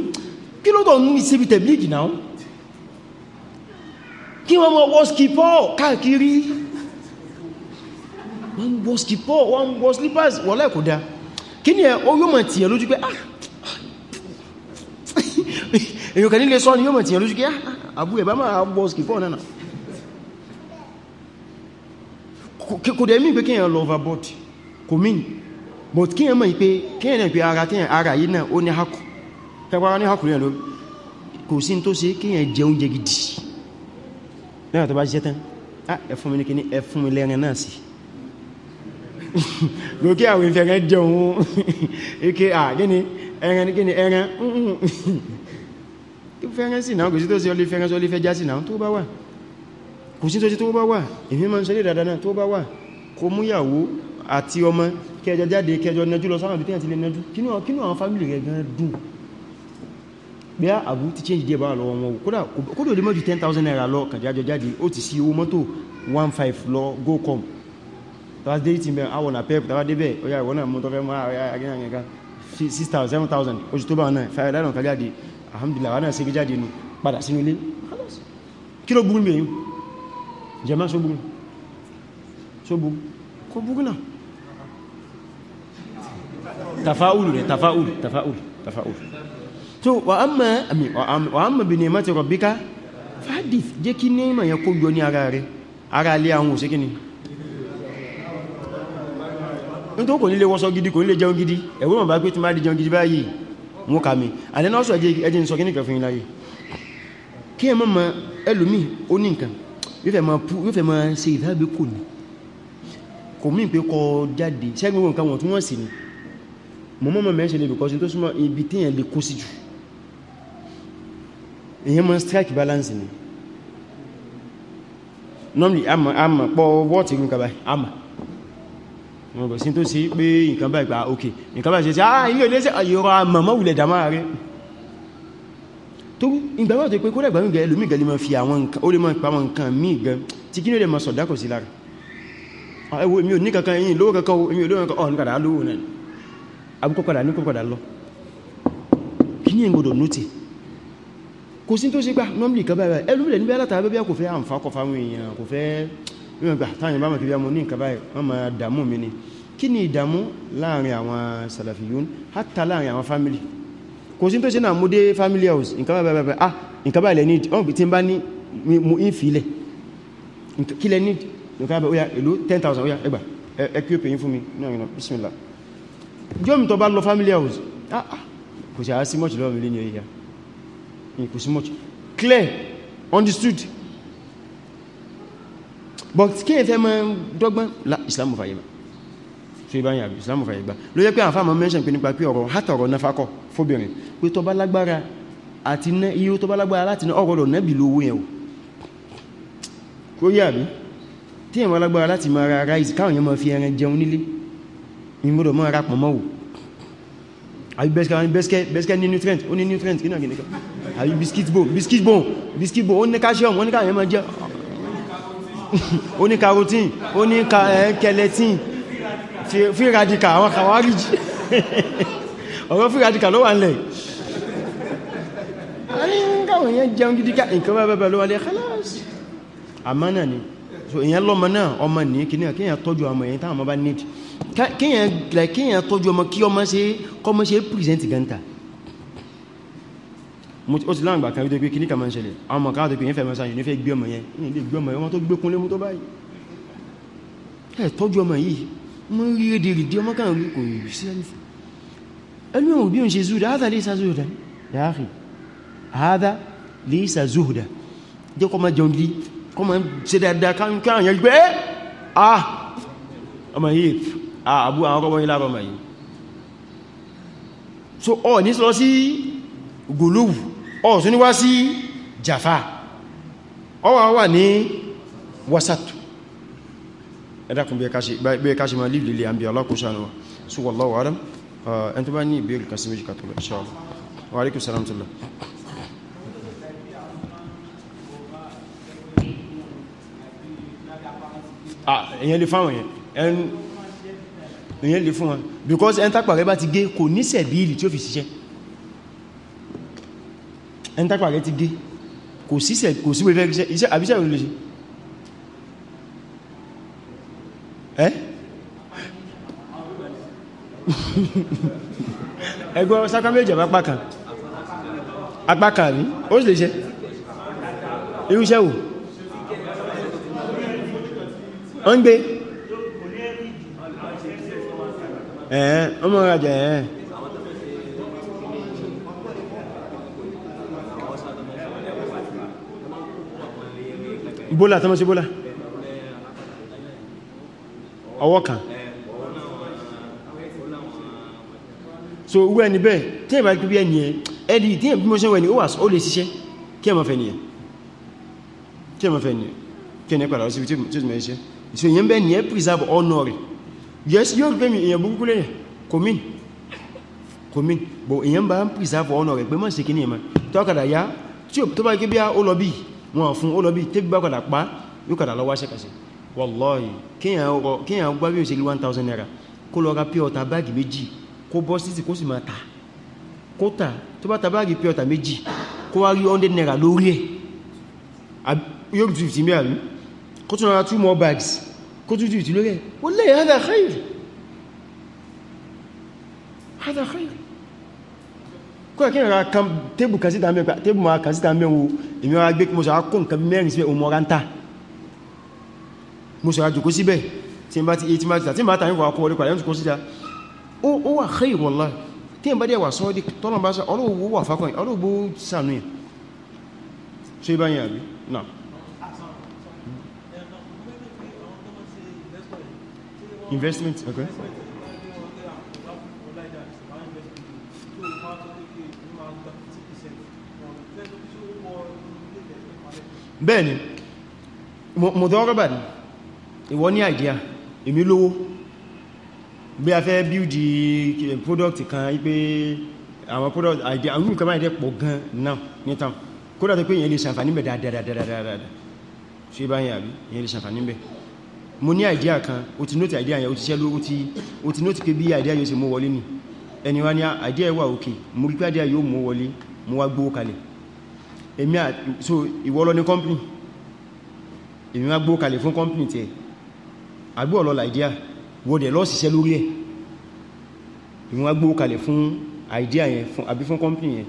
kí ló tọ̀ ní síbi tẹ̀blígì náà kí wọ́n mọ́ wọ́skipọ̀ káàkiri wọ́n wọ́skipọ̀ wọ́n wọ́slippers wọ́n lẹ́kò dá kí ni ẹ o yóò mọ̀ tí ẹ lójú pé ah, ah, èyàn kẹ́ nílé sọ́ ni yóò mọ̀ tí ẹ lójú pé ah, àbú ẹ̀bá máa wọ́skipọ̀ náà kò dẹ̀ mí pé kíyàn lọ overboard kò mí but kíyàn mọ̀ pé kíyàn náà pé ara kíyàn ara yìí náà ó ní hákù tẹgbàrá ní hakùnrin ẹ̀lú kò sí tó sí kíyàn jẹ oúnjẹ gidi lẹ́yìn tó bá jẹ́ tán ah, ẹ fún mi ní kíní ẹ fún mi lẹ́rin náà sí lókè *laughs* àwọn ìfẹ̀rẹ́ jẹun *laughs* ike àgíní ah, ẹran kíní ẹran *laughs* fẹ́rẹ́ sí náà kò sí tó sí ọlé fẹ́rẹ́ sí ọlé fẹ́ já sí náà tó bá wà kò sí tó sí tó bá wà èmi ma ń sọlé dáadáa náà tó bá wà kò múyàwó àti ọmọ kẹjọ jáde kẹjọ nẹjú lọ sáwọn ibi tí wọ́n ti lè nẹjú kínú àwọn fámìlì rẹ̀ gan dùn bí a àbú ti change dé bá lọ wọn kódò lè mọ́jú 10,000 naira lọ kàjájọ jáde ó ti sí owó mọ́tò 15 lọ gocom tàbí dé ti mẹ́rin àwọn àpẹ́ tàbí débẹ̀ ọya ìwọ̀n náà mọ́tọ́fẹ́ máa agẹ́gẹ́ agẹ́gẹ́ 6,000 7,000 oṣù tó bá náà fàyà lẹ́nà kàjáde alhamdulillah wà náà sí jáde nù padà sínú ilé kí ló burú mẹ́yìn jẹ́má só burú só burú kó burú náà tafa'ul rẹ̀ tafa'ul tafa'ul tafa'ul so wa amma ami wa amma bi ni'mati rabbika fadith jẹ́ kí ni ma yẹn kó yọ ní ara rẹ̀ ara le àwọn o ṣe kíni n to kò ní lè wọṣọ gidi kò ní lè jẹun gidi ewo mo bá pé tí ma di jẹun gidi báyìí mo ka mi and then also je je sọ kíni kan fún láyé kí ẹ mama ẹlòmí ó ní nǹkan yo fẹ́ ma pu yo fẹ́ ma ṣe idabe ko ni ko mi pé kó jáde ṣe nǹkan wọn tún wọn sì ni mo mo mo me se le because n to sumo ibi tí yẹn lè kó sí jù èyàn mọ́ strike balance ni normally àmà àmà pọ̀ wọ́tí nǹkan báyìí àmà wọ́n bọ̀ sí tó sí pé nǹkan báyìí pa ok nǹkan báyìí sí ah yíò lé sí ayọ̀rọ̀ ah, àmà mọ́ wùlẹ̀ dàmà rẹ̀ tó ìgbàmọ́ tó pé kó dàgbà mìíràn ẹlòmí gan lè mọ́ fi àwọn nǹkan ó lè mọ́ pa àwọn nǹkan míì gan tí kí ní lè mọ́ sọ̀dákọ̀ sí lára ah, ẹwọ èmi ò ní kankan yìí lówó kankan èmi ò lówó kankan ọ̀ nígbàdà lówó náà abúkọ́kọ̀dà ní kọ́kọ̀dà lọ kí ní ẹgbọ́dọ̀ nótì kò sí tó sí gbá mọ́mílì kan báyìí ẹlúbìlẹ̀ níbi alátàrí bẹ́bí kò fẹ́ àǹfàkọ̀ fáwọn èèyàn kò fẹ́ ríọ̀gbà táyìn bá mọ̀kí bí mọ́ ní nǹkan báyìí wọ́n ma dàmú mi ni kí ni ìdàmú láàrin àwọn salafiyun hátà láàrin family kò sí tó sí náà family house nǹkan ah nǹkan báyìí lẹ ní ọ̀n tí ń bá ní mo ń fi ilẹ̀ kí lẹ ní nǹkan báyìí oya family house ah ah kò sí àásí mọ́ọ̀tì lọ́wọ́ mi lé ní ẹ̀yà kò much clear understood but kí ẹ̀fẹ́ mọ́ dọ́gbọ́n islam ò fàyè gbà tí bá yàbí islam ò fàyè gbà ló yẹ pé àwọn fàmọ́ mention pé nípa pé ọ̀rọ̀ hátọ̀rọ̀ náfàkọ̀ fóbìnrin pé tó bá lágbára àti iye tó bá lágbára láti ná ọ̀rọ̀ nẹ́bì lówó yẹn o kó yàbí tí ẹ̀wọ̀n lágbára láti máa ra rice káwọn yẹn máa fi ẹran jẹun nílé ìmúdọ̀ máa ra pọ̀ àbí bẹ́ẹ̀skẹ́ ní nutrient ó ní nutrient kí náà gínú kan àbí biscuit bone biscuit bone biscuit bone ó ní calcium ó ní káyẹ̀ máa jẹ́ *laughs* ó ní carotene ó ní kẹlẹtín free radical àwọn kàwárí jì *laughs* ọ̀rọ̀ free radical ló wà ń lẹ̀ káwọn èèyàn jẹun gidi ni so èèyàn lọ́mọ náà ọmọ ní kìnnìyàn kí èèyàn tọ́jú kíyàn tọ́jú ọmọ kí ọmọ ṣe kọmọ ṣe present ganta ó ti láàgbà kan wípé kí ní kàmọ́ ṣẹlẹ̀ àwọn ọmọ káàtò pé yẹn fẹ́ mọ́sá yìí ní fẹ́ gbé ọmọ yẹn ní ilé gbé ọmọ yẹn wọ́n tó gbé kúnlé mú tó báyìí ẹ̀ tọ́jú ọmọ yìí mú rí èdè rìdí ọmọ kan rí kò rí sí ẹnìfẹ́ ẹni òun bí òun ṣe zuhuda hádà lè sa zuhuda ya akhi hádà lè sa zuhuda jẹ́ kọ́ ma jẹun lé kọ́ ma ṣe dáadáa káàkiri yẹn gbé ah ọmọ yìí àbú ah, àwọn ọkọ̀ wọ́n lábọ̀ mẹ́yìn so ọ ní lọ sí gòlòwù ọ sí ní wá sí jàfà ọ wà wà ní wasatu ẹ̀dàkùn bí ẹka ṣe ma lè lè àmì alákòóṣánà so wallahu alam ẹn tó bá ní ìbéèrè kan sí méjì kàtọ̀lọ̀ inshallah wa alaikum salam tullah ah èyàn lè fáwọn èyàn lè fún wọn because ẹn tápà rẹ bá ti gé kò ní sẹ̀bíìlì tí ó fi ṣiṣẹ́ ẹn tápà rẹ ti gé kò sí wẹ́fẹ́ iṣẹ́ àbíṣẹ́ ìrìnlẹ̀ ṣe ẹ́ *laughs* ẹgbọ́n sákàmẹ́jì àpákan apákan rí ó sì lè ṣe irúṣẹ́ wò ọ́n gbé ẹ̀ẹ́n eh, ọmọ rajà ẹ̀ẹ́n eh. bólà tọ́mọ́ sí bólà ọwọ́ kan so owó ẹni bẹ́ẹ̀ tí ẹ̀bá gbé ẹni ẹ̀ ẹ̀dì tí ẹ̀bí mọ́ sẹ́wẹ̀ ni ó wà ó lè ṣiṣẹ́ kí ẹmọ fẹ́ ni ẹ̀ kí ẹmọ fẹ́ ni ẹ̀ kí ẹni pàdà ó sí tí ó ti mẹ́ iṣẹ́ ìṣòyìn bẹ́ẹ̀ ni ẹ́ preserve honor yes yóò gbé mi èyàn burúkú lẹ́yìn komin komin bọ̀ èyàn bá ń pìsà fọ́ ọ̀nà rẹ̀ pé mọ́ sí kí ní ẹ̀mọ́ tọ́kàdà yá tí ó tó bá gẹ́ bí á fun. lọ bí wọn fún ó lọ bí tébí bá kọ̀dà pa yóò kàdà lọ́wọ́ sẹ́kàsí wallahi kíyàn gbá bí ó ṣe 1000 naira kó lọ ra pure water báàgì méjì kó bọ́ sí kó sì máa ta kó ta tó bá ta báàgì pure water méjì kó wá rí 100 naira lórí ẹ̀ yóò tún 50 mẹ́rin kó tún ra two more bags kó tútù ìtì lórí ẹ̀ ó lè hádà khair hádà khair kó ẹ̀kí ìrà kan tébù kan síta mẹ́pàá tébù ma kan síta mẹ́wò èmi ara gbé mọ́sàá kó nǹkan mẹ́rin síbẹ̀ o mọ́ra ń ta mọ́sàá jùkú síbẹ̀ tí n bá ti ètí máa ti tàbí máa tàbí wà kọ́ orí pàdé ẹ̀mùsùkú investment okay bẹ́ẹ̀ni mo tọ́ rọ́bà ní ìwọ ní idea èmi lówó bí a fẹ́ build product kan ipé àwọn product idea àwọn nǹkan máa ìdẹ́ pọ̀ gan náà nítan kódà tó pé èyàn lè ṣàǹfà níbẹ̀ dáadáa ṣe báyìí àbí èyàn lè ṣàǹfà níbẹ̀ mo ní idea kan o ti note idea yẹn o ti ṣe lórí tí o ti note pé bí idea yóò ṣe mú wọlé ni ẹni ní ah, idea wà òkè mo rí pé idea yóò mú wọlé mo wá gbówó kalẹ̀ èmi so ìwọ ní company èmi wá gbówó kalẹ̀ fún company tẹ àgbé ọ̀lọ́lá idea wọ́n dẹ̀ lọ ṣiṣẹ́ lórí ẹ̀ èmi idea yẹn àbí fún company yẹn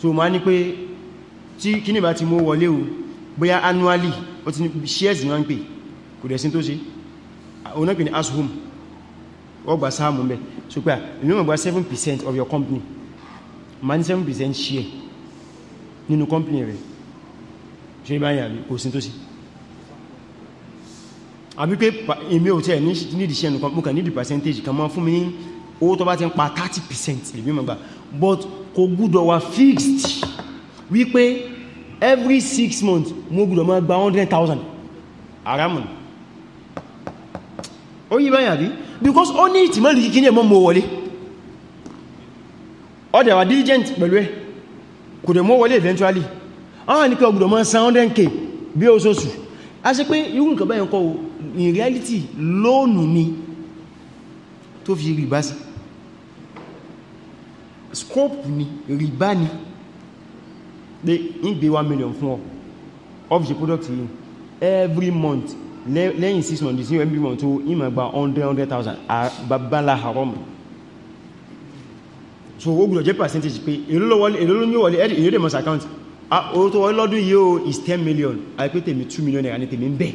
so ma ní pé tí kíní bá ti mú shares ni wọ́n kò dẹ̀sí tó sí onápì ní ashum ọgbà sáàmù mẹ́ so pé ìmìmọ̀ gba 7% of your company ma ní 7% share nínú company rẹ̀ ṣe báyìí àbí kò sí tó sí àbí pé èmi ò tẹ́ nídi ṣe ẹnù kan mú kà percentage kan mọ́ fún mi ní owó tó bá ti ń pa 30% ìbímọ̀ gbà but kò gbúdọ̀ wà fixed wípé every six months mo gbúdọ̀ máa gba 100,000 aramun ó yí báyà bí because ó ní ìtìmọ́lì kíkí ní ẹmọ́ mọ́ wọlé ó dẹ̀ wà diligent pẹ̀lú ẹ kò dẹ̀ mọ́ wọlé eventually àwọn ní pé ọgbùdọ̀ mọ́ 100k bí so. sóòsù a ṣe pé irú nǹkan báyẹn kọ́ in reality lóònù ni to fi rìbá sí scope ni rìbá ni pé ń gbé 1 million fún ọ of the product yìí every month lẹ́yìn six months ní ẹbí mọ̀ tó ìmọ̀ gba hundred hundred thousand àbábálá haram so ó gbọ́dọ̀ jẹ́ percentage pé èlò ní wọlé ẹ̀dì èlò dẹ̀mọ̀sí account owó tó wọlé lọ́dún yíò is 10 million àìpé tèmi 2 million naira ní tèmi ń bẹ̀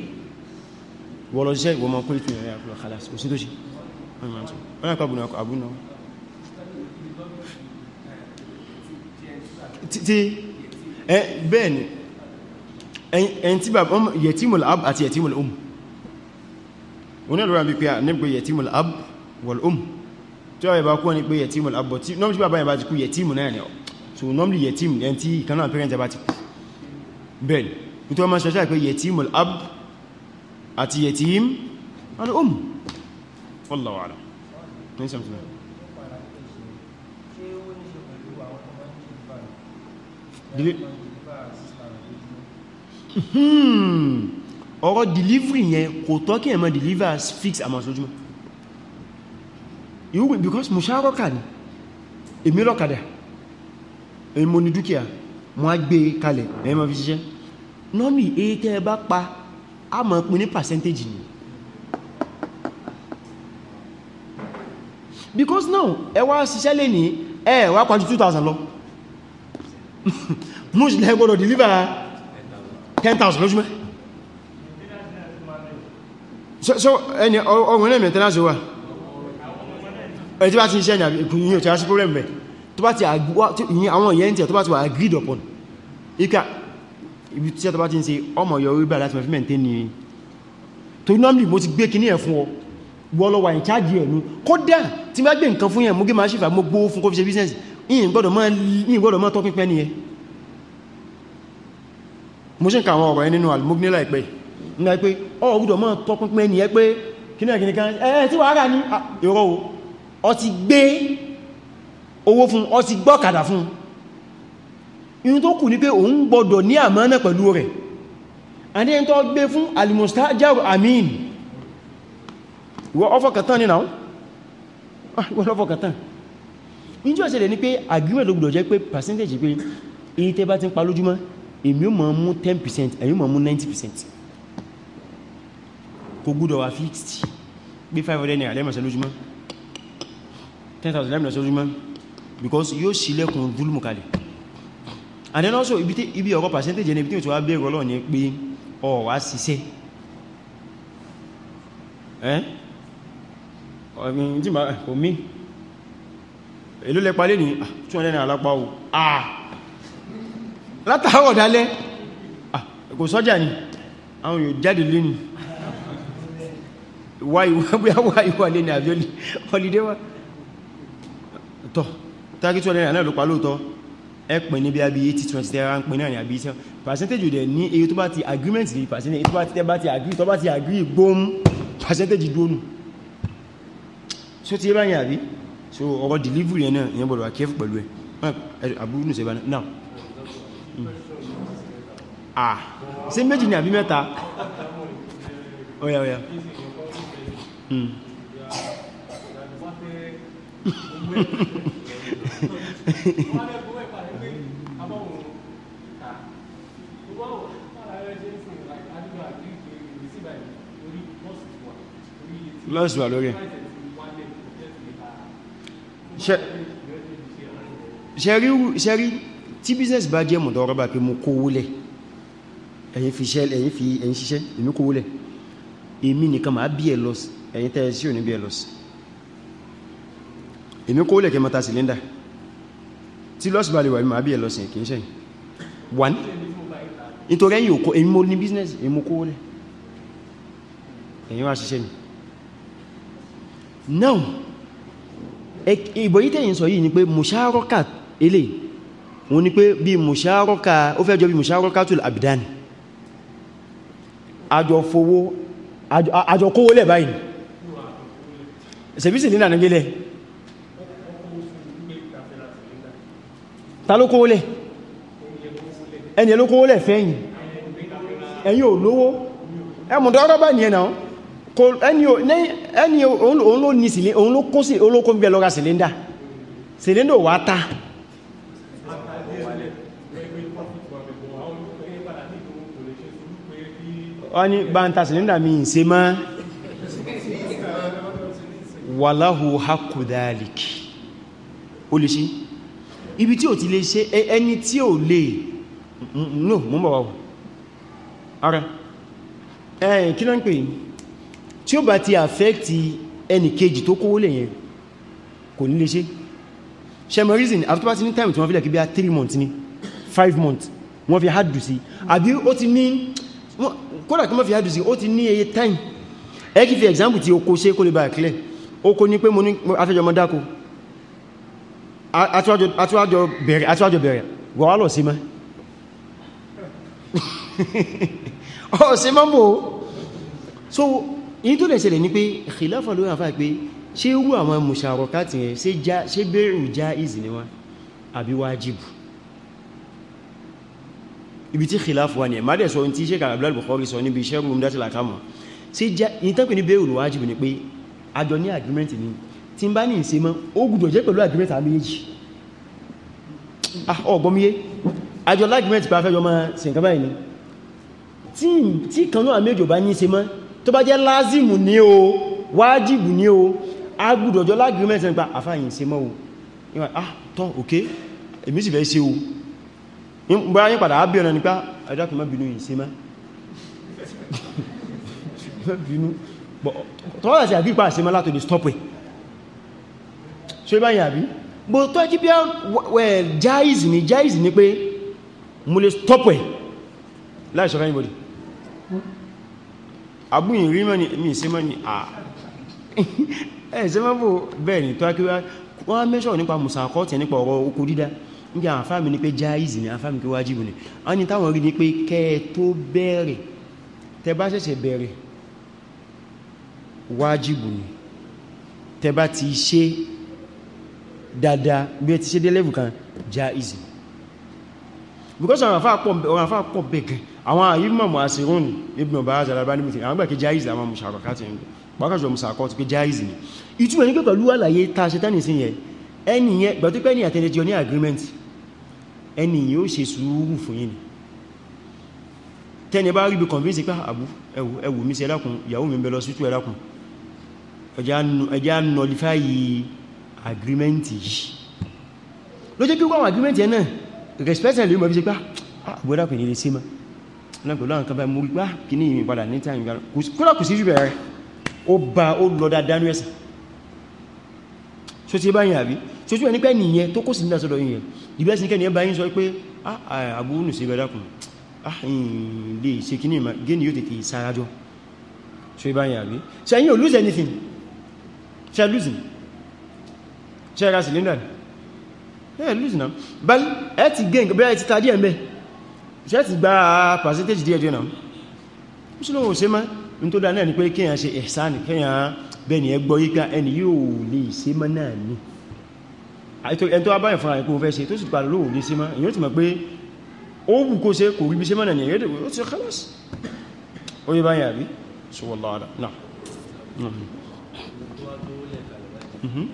wọ́n lọ ṣiṣẹ́ ìwọ̀n mọ̀ kó ìtù ẹ̀rẹ́ àpùlọ̀ khalas kò sí tó ṣe wọ́n náà kọ́bùnà àbúnà tí bẹ́ẹ̀ ni ẹ̀yìn tí bàbá yẹ̀tímọ̀lá àti yẹ̀tímọ̀lá ọmọ um onílùra bí pé nígbé yẹtímù ab wal um tí ó yẹ bá kú ní pé yẹtímù ab bọ̀ tí nọ́mí tí bàbá yẹn bá ti kú yẹtímù náà ni ọ̀ so nọ́mí yẹtímù ẹn tí ìkanáà pẹ́rẹ́ntẹ́ bá ti kú bẹ́ẹ̀ ní tí wọ́n máa ṣẹ́ṣẹ́ pé yẹtímù ab àti yẹtímù al um wallahu a'lam Hmm ọ̀rọ̀ delivery yẹn kò tọ́ kí ẹ̀mọ́ deliver fix amount lójúmọ́ ìwúgbìn because musharaka ni èmi lọ́kadà èmi mo ní dúkìá mo á gbé kalẹ̀ ẹ̀mọ́ fi ṣiṣẹ́ normally èyí tẹ́ ẹ bá pa á mọ̀ pín ní percentage ni because now ẹ wá ṣiṣẹ́ lè ní ẹ wá pàjú 2000 lọ *laughs* mú gbọ́dọ̀ deliver 10,000 lójúmọ́ so ẹni ọrùn náà mẹ́ta láti wà ẹni tí bá ti ṣe ìkùnrin òtí àṣí problem rẹ̀ tó bá ti ìyìn àwọn ìyẹn tí ó bá ti wà agreed upon ika ibi tí ó bá ti ń ṣe ọmọ yọ orí bá láti mẹ́fí mẹ́ntẹ́ ni tó normally mo ti gbé kinní ẹ̀ fún ọ wọ́n lọ wà in charge ẹ̀ ní kódà tí bá gbé nǹkan fún yẹn mú gé máa ṣífà mo gbówó fún kó fi ṣe business ìyìn gbọ́dọ̀ mọ́ tọ́pípẹ́ ni ẹ mo ṣe ń ka àwọn ọ̀rọ̀ ẹ nínú al-Mughni láìpẹ́ yìí ní pé ọ̀rọ̀ mọ́ tọpinpin ẹni ẹ pé kí náà kìnnìkan ẹ̀ tí wàá rà ní ìrọ̀ ah, o ọ ti gbé owó fún ọ ti gbọ́kàdà fún inú tó kù ní pé òun gbọ́dọ̀ ní àmánà pẹ̀lú rẹ̀ àdé ń tọ́ gbé fún alimustajaru amin wọ́n ọfọ́kàtán ní náà ah, wọ́n ọfọ́kàtán ní tí ó ṣẹlẹ̀ ní pé agreement ló gbọ́dọ̀ jẹ́ pé percentage pé èyí tẹ́ bá ti ń pa lójúmọ́ èmi ó máa mú 10% èyí ó máa mú 90% kò gbúdọ̀ wà fixed gbé 500 naira lẹ́mọ̀sẹ̀ lójúmọ́ 10,000 lẹ́mọ̀sẹ̀ lójúmọ́ because yóò sílẹ̀kùn zulmù kalẹ̀ and then also ibi ọ̀rọ̀ percentage ní ibi tí wà bẹ̀rọ lọ ní pé ọ̀wà ṣiṣẹ́ omi èlò lẹ́pa lè ní 200 naira lápá o ah látàárọ̀ dálẹ́ ah, kò sọ́jà ni àwọn yóò jáde lé ni wáyíwá lé ní àbí ọlídé wá tọ́ tàbí 200 náà ló pa lóòtọ́ ẹpìn níbi àbí 80-20 tẹ́ra ń pin náà ní àbí iṣẹ́ percentage dẹ̀ ní èyí tó bá ti agreement lè percentage tó bá ti tẹ́bá ti agree tó bá ti percentage dónù so ti so ọ̀rọ̀ delivery náà ìyẹn bọ̀dọ̀ àkẹ́fù pẹ̀lú ẹ̀ àbúrú nù hmm. ah same méjì ní àbí mẹ́ta ó yá yeah. Hmm. lọ́sù wà lórí ṣẹ́rí tí business bá jẹ́ mọ̀dọ̀ ọ̀rọ̀ bá pé mú kówó lẹ̀ ẹ̀yin fi ṣiṣẹ́ èmi kówó lẹ̀ èmi nìkan máa bí ẹ̀ lọ́sù ẹ̀yin tẹ́ sí òní bls èmi kó lẹ̀kẹ́ mọ́ta sílẹ́ndà tí lọ́sì bá lè wà máa bí ẹ̀ lọ́sìn kì í ṣẹ́yìn one nítorí ẹ̀yin òkó èmi mo ní business èmi kó lẹ̀ ẹ̀yin wá ṣiṣẹ́ mi now ìbò yí tẹ́yìn sọ yìí ni pé mùṣárọ́kà ilé wọn ni pé bí mùṣárọ́kà ó fẹ́ jọ bí mùṣárọ́kà tó àbìdáni àjọ fowó àjọ kówó lẹ̀ ìsẹ̀bísì ní ìlànà gbélẹ̀ ta ló kówó lẹ̀ ẹni ló kówó lẹ̀ fẹ́yìn ẹ̀yin ò lówó ẹmùdọ́rọ́ bá ní ẹ̀nà ẹni òun ló ní sílé òun ló kó sí olókó ń bẹ lọ́ra sílẹ́ndà sílẹ́ndà wà ta wọ́n ni bá ń ta sílẹ́ndà mi ìse wàláhù haqqu dhalik o lè ṣe ibi tí o ti lè ṣe ẹni tí o lè mm, no mú bọ̀ wọ́n ara ẹ̀yìn kí náà ń pè tí ó bá ti àfẹ́kti ẹni kejì tó kówó lè yẹn kò ní lè ṣe ṣẹmọ̀ reason after passing time tí wọ́n fi lẹ́kí bí i 3 months ni 5 months wọ́n fi hádù sí àbí ó ti ní kódà kí wọ́n fi hádù sí ó ti ní eye time ẹ kí fi example tí o kó ṣe kó lè bá clear oko ní pé mo ní afẹ́jọmọ dákó àtúwájọ bẹ̀rẹ̀ wọ́wá lọ sí mẹ́ *laughs* ọ̀ sí mọ́ bò so yí tó lè ṣẹlẹ̀ ní pé khilafa ló yàn fà pé ṣe irú àwọn musharokati rẹ̀ ṣe bẹ̀rù jaiz ni wọ́n àbí wájìbù ibi tí khilafu wà ní ẹ̀má dẹ̀ sọ ní tí ṣe kàràbílá Bukhari sọ níbi iṣẹ́ rúm àjọ ní agreement ni tí n bá ní ìse mọ́ ó gùdọ̀ jẹ́ pẹ̀lú agreement àmì èjì ah, ọgbọ́míyé àjọ lágreement bá fẹ́jọ máa ṣe nǹkan báyìí ni tí kan náà méjò bá ní ìse mọ́ tó bá jẹ́ lázìmù ní o wájìbù ní o agùdọ̀jọ lágreement nípa àfáàyìn ìse mọ́ o ìwọ̀n ah tán òkè èmi sì fẹ́ ṣe o bóyá yí padà ábí ọ̀nà nípa ẹjọ́ kìí mọ́ *laughs* bínú ìse mọ́ bínú tọ́wọ́n àti àgbípa àṣímọ́ látò ní stop way ṣe bá yàbí bó tó ẹjí bí wẹ́ jáìzì ní jáìzì ní pé mú lè stop way láì ṣọ́rọ̀ anybody abúyìn rí mọ́ ní ìṣẹ́mọ́ ní *laughs* ẹ̀ṣẹ́mọ́ bó bẹ́ẹ̀ ni tó akíwá wọ́n mẹ́ṣọ́ nípa musakọ́tẹ̀ nípa ọ̀rọ̀ oko dídá ní àfáàmì ní pé jáìzì ní àfáàmì kí wájìbù ni a ní táwọn rí ní pé kẹ́ẹ̀ tó bẹ̀rẹ̀ tẹ bá ṣẹ̀ṣẹ̀ bẹ̀rẹ̀ wájìbù ni tẹba ti ṣe dada bí ẹ ti ṣe dé level kan jaizi because àwọn àfáà pọ̀ bẹ̀gẹ̀ àwọn àyíkmọ̀mù àṣírún Ibn Baz Al-Albani mìtì àwọn gbẹ̀kẹ́ jaizi àwọn mùsàkọ̀ká ti ń pàkàṣọ mùsàkọ̀ ti pé jaizi ni ìtumọ̀ ní pé pẹ̀lú àlàyé ta ṣe tánì sí yẹn ẹni yẹn gbẹ̀tí pẹ́ ní àtẹ́lẹ́jọ ní agreement ẹni yìí ó ṣe sùúrù fún yìí tẹ́ni bá rí bí convince pé àbú ah, ẹwù mi sí ẹlákùn ìyàwó mi bẹ lọ sí tú ẹlákùn ẹjá nọlifáyì agrimenti yìí ló jẹ́ kí wọ́n agrimenti ẹ̀ náà respectful lè mọ̀ bí ṣe pá àgbọ́dá ah, ah, kò ní lè sí ma náà pẹ̀lú àwọn kọba múrí pá ah, kì ní ìrìn padà ní tàbí kúrò kò sí jù bẹ̀rẹ̀ ó bá ó lọ dáadáa ní ẹ̀sà so ti báyìí àbí so tí wọ́n ní pẹ́ nìyẹn tó kó sí nílá sọ́dọ̀ yìnyẹn ìbẹ́ sí kẹ́ni ẹ báyìí sọ pé àgbóhùn sí ìbẹ̀dàkùn lè ṣe kí ní ìmọ̀ gẹ́ni yóò tètè sárájọ́ so ìbáyìí àbí so ẹ̀yìn ò lose anything ṣe lùsìn ṣe ra cylinder ẹ̀ lùsìn náà bá ẹ ti gẹ́ nǹkan bẹ́ẹ̀ ti ta díẹ̀ mẹ́ ṣe ti gba percentage díẹ̀ díẹ̀ náà mú sí lóhun ṣe máa ní tó dá náà ni pé kíyàn ṣe ẹ̀sánì kíyàn bẹ́ẹ̀ni ẹ gbọ́ yíká ẹni yóò lè ṣe mọ́ náà ni ẹni tó wá báyìí fúnra ẹ̀kún fẹ́ ṣe tó sì pàdé lóòrùn lè ṣe mọ́ èyí ó ti mọ̀ pé ó wù kó ṣe kò rí bí ṣe mọ́ náà ni ẹ̀yẹ́dẹ̀ ó ti ṣe kálọ́sì ó yẹ báyìí àbí ṣùgbọ́n lọ́wọ́dà náà Mm-hmm.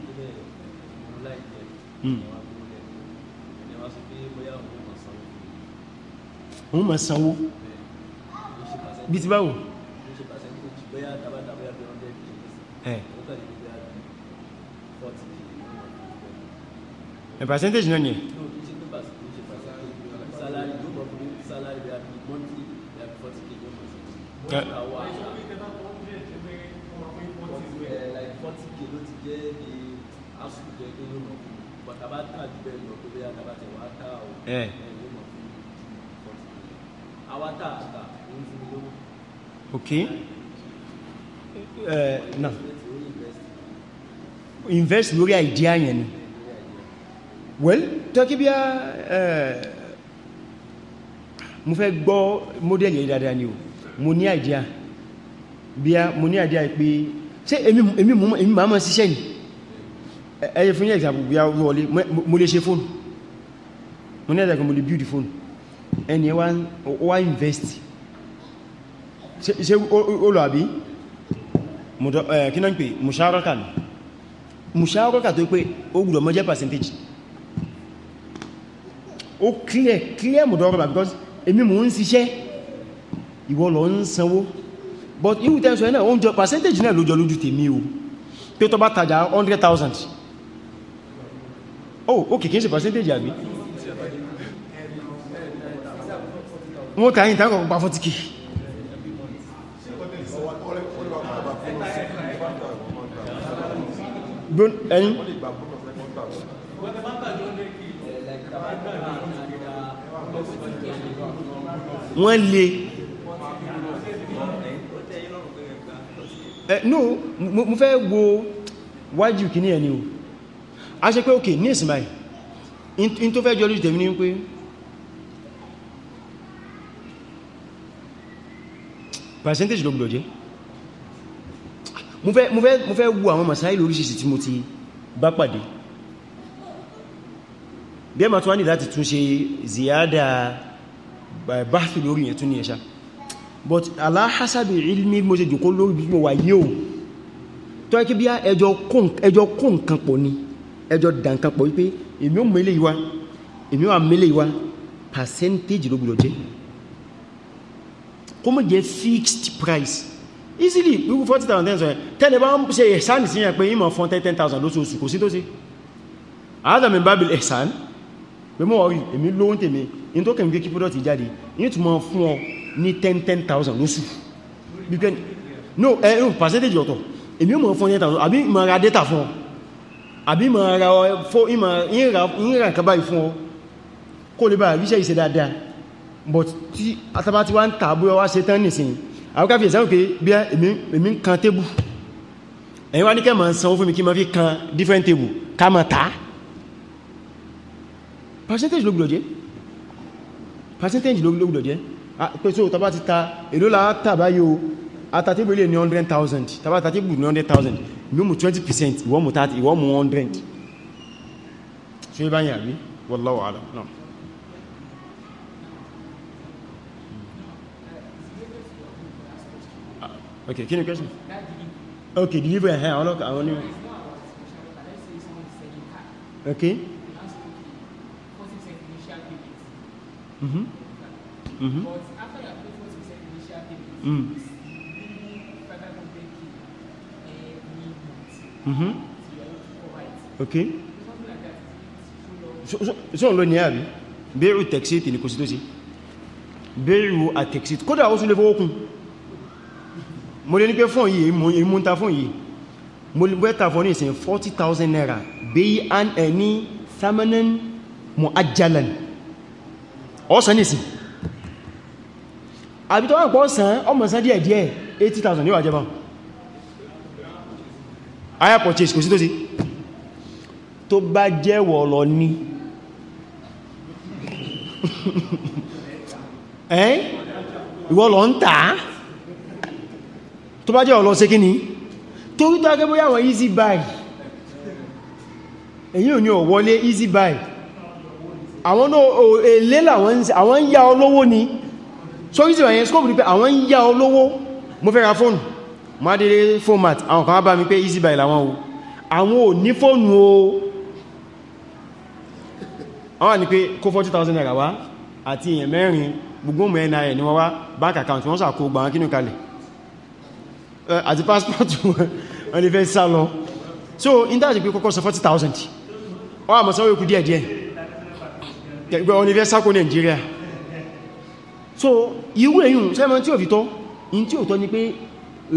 Mm. wọ́n ma sanwó bí ti báwò ẹ̀ percentage náà ni ẹ̀ salary bí i forty k ló ti jẹ́ ní asùn jẹ́ pé yóò fún mi bàtà bá tà jù bẹ́ẹ̀ lọ tó bẹ́ẹ̀ àtàbà tẹ̀ wá tà ó eh. ẹ̀ yóò mọ̀ fún mi forty k àwa tà àtà ó ń fún mi lówó. ok ẹ eh. eh, na invest lórí idea yẹn ni well tọ́kí bí a mo fẹ́ gbọ́ model yẹn dáadáa ni o mo ní idea bí a mo ní idea pé ṣe èmi mọ́ èmi máa mọ́ síṣẹ́ ní ẹyẹ fún yẹ́ ìsàbùgbé wọlé mo lè ṣe fóònù mo ní ẹ̀dàkùn mo lè build fóònù ẹni wá invest ṣe olò àbí kí náà ń pè musharaka ní musharaka tó pé ó gbùdọ̀ mọ́ jẹ́ percentage ó clear clear mọ̀dọ́rọ̀ because èmi mò ń ṣiṣẹ́ ìwọ lọ ń sanwó but iwu tẹ́ sọ ẹ̀ oúnjẹ percentage náà lójọ lójú tèmi o pé tó bá tajà 100,000 oh ok kìí ṣe percentage àbí wọ́n tàyí tàbí ọkọ̀ pa 40k ẹ̀yìn wọ́n lè no mo fẹ́ wo wájú kì ní ẹni o a ṣe pé okay ní ìsìnmáì in tó fẹ́ jọ lójú tẹ̀mí ní pé percentage ló gbọ́dọ̀ jẹ́ mo fẹ́ mo fẹ́ mo fẹ́ wo àwọn masáìlì oríṣìí tí mo ti bá pàdé bí ẹ ma tún wá ní láti tún ṣe ziyada eh, báṣù lórí ẹ̀ tún ní ẹ̀ṣá but hasabi ilmi mo ṣe jùkó lórí bí mo wà yí o tó ẹkí bí ẹjọ́ kó nǹkan pọ̀ ni ẹjọ́ dà nǹkan pọ̀ wípé èmi ò mẹ́lẹ̀ ìwá èmi ò mẹ́lẹ̀ ìwá percentage ló gbọ́dọ̀ jẹ́ kó mọ́ jẹ́ fixed price easily wíwú 40,000 tẹ́lẹ̀ bá ń ṣe ẹ̀sán ìsinyà pé ìmọ̀ fún 10,000 lóṣooṣù kò sí tó sí àádọ́mì bábìl ẹ̀sán pé mọ́ ọ̀rí èmi lówó tèmi in tó kẹ́ ní 10,000 lóṣù bípẹ́ no ẹ̀rùn percentage ọ̀tọ̀ èmi ò mọ̀ fún 10,000 àbí ma ra data fún ọ àbí ma ra fún ìrìnrà kaba ìfún ọ kó lè bá ríṣẹ́ ìṣẹ́ dáadáa but tí atábá ti wá ń tàbí ọwá ṣe tán nìsìn àwọ́ká fi ìsáwọ́ pé bí èmi ń kan tébù ẹ̀yìn wá ní kẹ́ ma ń sanwó fún mi kí ma fi kan different table ká ma ta percentage ló gbọ́dọ̀ jẹ́ percentage ló gbọ́dọ̀ jẹ́ Ah, pé so tàbá ti ta èló láà tàbá yóò atatébù ilé ní 100,000 tàbá atatébù ní 100,000 yóò mú 20% ìwọ́n mú 30 ìwọ́n mú 100 so ibá yà rí wallahu alam náà ah, okay kí ni question okay deliver ẹ̀hẹ́ eh, àwọn ọlọ́kà àwọn onímọ̀ okay mm-hmm Mm-hmm. But after you have paid 40% initial payment, mm. it's really 500k every month. Mm-hmm. So you're able to cover it. Okay. So something like that is too long. So, so, so, so, so, bẹ́rù tẹ̀kṣítì ní kò sí tó bẹ́rù àtẹ̀kṣítì kódà ó tún lè mo lè ní pé fún yìí mú fún yìí mo lè bẹ́ta fún ní ìsìn 40,000 naira bí i ní samanin mu'ajjalan ọ́sán ìsìn àbí tó wọ́n pọ̀ sàn ọmọ sàn díẹ̀ díẹ̀ 80,000 ní wàjẹ́bá aya purchase kò sí tó sí tó bá jẹ́wọ̀ lọ ní *laughs* ẹ́n ìwọ lọ ń tàá tó bá jẹ́wọ̀ lọ sí tó rí tó agẹ́bóyà wọ́n easy buy èyí ò ní ọ̀wọ́lé easy buy àwọn náà èlé làwọn ń yá olówó ni so yìí síwáyé scope ní pé àwọn ń yá olówó mo fẹ́ ra fóònù ma dé format àwọn kan bá mi pé easy buy làwọn o àwọn ò ní fóònù o àwọn ni pé kó 40,000 naira wá àti èèyàn mẹ́rin gbogbo mọ̀ NIN ni wọ́n wá bank account wọ́n sàkó gbà wọn kínú kalẹ̀ àti passport *laughs* wọn lè fẹ́ sá lọ so in that pé kọ́kọ́ sọ 40,000 wọ́n àmọ́ sanwó ikú díẹ̀díẹ̀ gbẹ̀ universal kó Nigeria so irú èyùn sẹ́mọ̀ tí ò fi tọ́ in tí ò tọ́ ni pé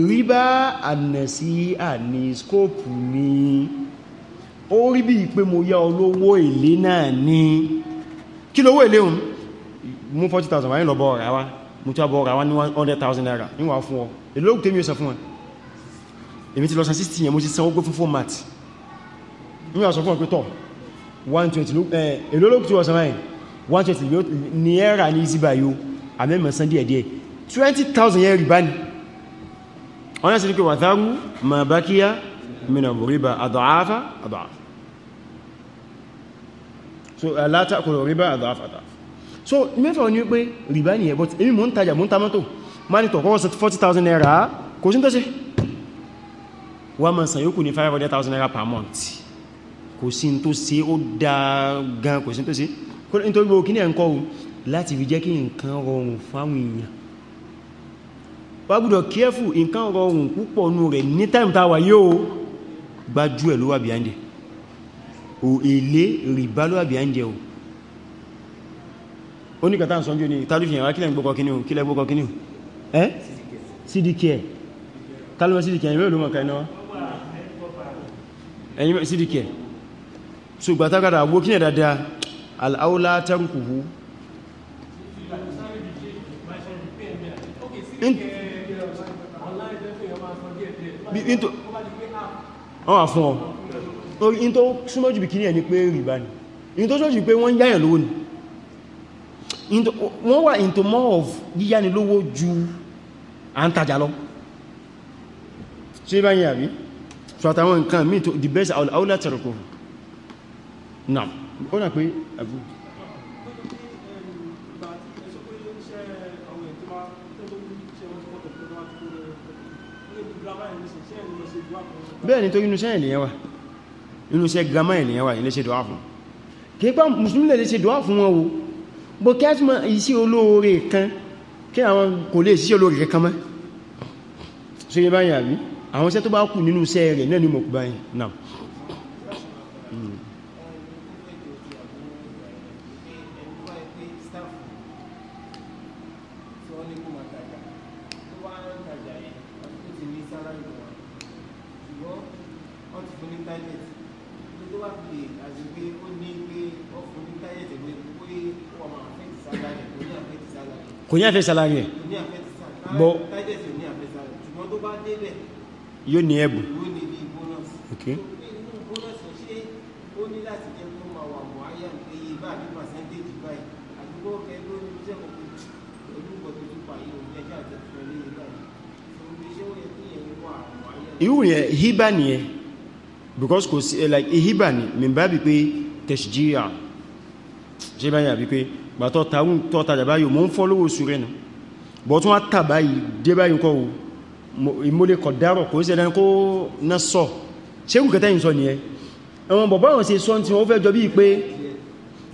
ríbá ànẹ̀sí àní skóòpù ni ó rí bí pé mo yá olówó èlé náà ni kí lówó èlé hùn mú 40,000 wáyé lọ bọ́ ọ̀rà wá mú tí a bọ́ ọ̀rà wá ní 100,000 naira níwà fún ọ èlò òkú tèmi ó sọ fún ẹ èmi ti lọ san 60 yẹn mo ti san ogó fún format níwà sọ fún ọ pé tọ́ 120 èlò òkú tí wọ́n san báyìí 120 ní ẹ́rà ní ìsíbà yóò àmẹ́mọ̀sán díẹ̀díẹ̀ 20,000 yẹn rìbá ni wọ́n yá sí ní pé wà tháàrù ma bá kíyá mina ríbá àdọ̀áfà àdọ̀áfà so látàkùrọ̀ ríbá àdọ̀áfà àdọ̀áfà so mẹ́fà ní pé rìbá ni ẹ̀bọ̀t èmi mọ́ ń tajà mọ́ ń ta má ní tọ̀kọ́ naira kò sí ń tọ́sí wọ́n mọ̀ sàn yóò kù ní naira per month kò sí ń tó sí ó dáa gan kò sí ń tó sí nítorí gbogbo kí ní ẹ̀ńkọ́ láti fi jẹ́ kí nǹkan rọrùn fáwọn èèyàn wà gbọ́dọ̀ careful nǹkan rọrùn púpọ̀ nù rẹ̀ ní time tàwà yóò gbájú ẹ̀ ló wà bíáńdẹ̀ o èlé rìbá ló wà bíáńdẹ̀ o ó ní kàtà sọ́njú ní tàbí fi àwọn kílẹ̀ gbọ́kọ̀ kínú kílẹ̀ gbọ́kọ̀ kínú ẹ́ cdk tàbí wọ́n cdk ẹ̀yìn wọ́n wà fún ọ in tó súnmọ́ jù bí kí ní ẹni pé rìbá ni in tó sọ́jù pé wọ́n yáyàn lówó ni wọ́n wà into more of yíyáni lówó ju à ń tajà lọ ṣe bá yí àrí so àtàwọn nǹkan mí the best outlet rẹ̀ kò náà ó nà pé àbúrú bẹ́ẹ̀ ni tó inúṣẹ́ ènìyàn wà inúṣẹ́ gama ènìyàn wà ilé ṣe dùá fún kípa musulmi lè ṣe dùá fún wọn wo bó kẹ́tùmọ̀ iṣẹ́ olóore kan kí àwọn kò lè ṣiṣẹ́ olóore kankan mọ́ so yẹ àwọn iṣẹ́ tó bá kù nínú iṣẹ́ rẹ̀ náà ni mọ̀kú báyìí náà kò ní àfẹ́ sàlárì ẹ̀ bọ́ yóò ní ẹ̀bùn okay ìwò yẹn hibà e nìyẹn because kò sí like ìhibà ní mìbá bí pé tẹ̀ṣìjíríà ṣe báyà bí pé gbàtọ́ tàún tọ́tajà báyìí mọ́ ń fọ́lówó ṣúrẹ́ nù bọ́ tún wá tàbá yìí dé báyìí kọ́ ìmúlé kọ̀ dárọ̀ kò ṣe dánkó ná sọ ṣe kù kẹta ìsọ ni ẹ ẹwọn bọ̀bọ̀ àwọn ṣe sọ tí wọ́n fẹ́ jọ bí pé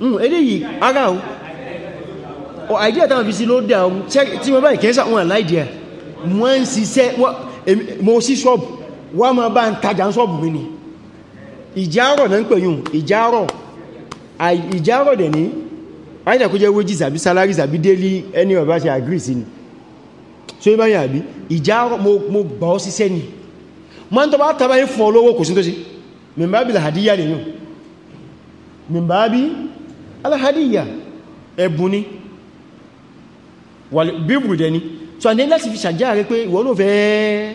hmm, eléyìí ara o àìdíà táwọn fi sí ló dà ọ tí wọ́n báyìí kẹ́sà wọn àláìdíà wọ́n ń ṣiṣẹ́ mo sí ṣọ́ọ̀bù wọ́n máa bá ń tajà ń ṣọ́ọ̀bù mi ni ìjárọ̀ náà ń pè yùn ìjárọ̀ ìjárọ̀ dẹ̀ ní àìdà kó jẹ́ wages àbí salaries àbí daily ẹni ọ̀bá ṣe agree sí ni so ibá yà bí ìjà mo gbà ọ́ síṣẹ́ ni ma ń tọ́ bá tàbá yí fún olówó kò sí tó sí mìmbábí lahadiyya lè yùn mìmbábí alahadiyya ni bíbù dẹ ni so àdé láti fi ṣàjá rẹ pé ìwọ ló fẹ́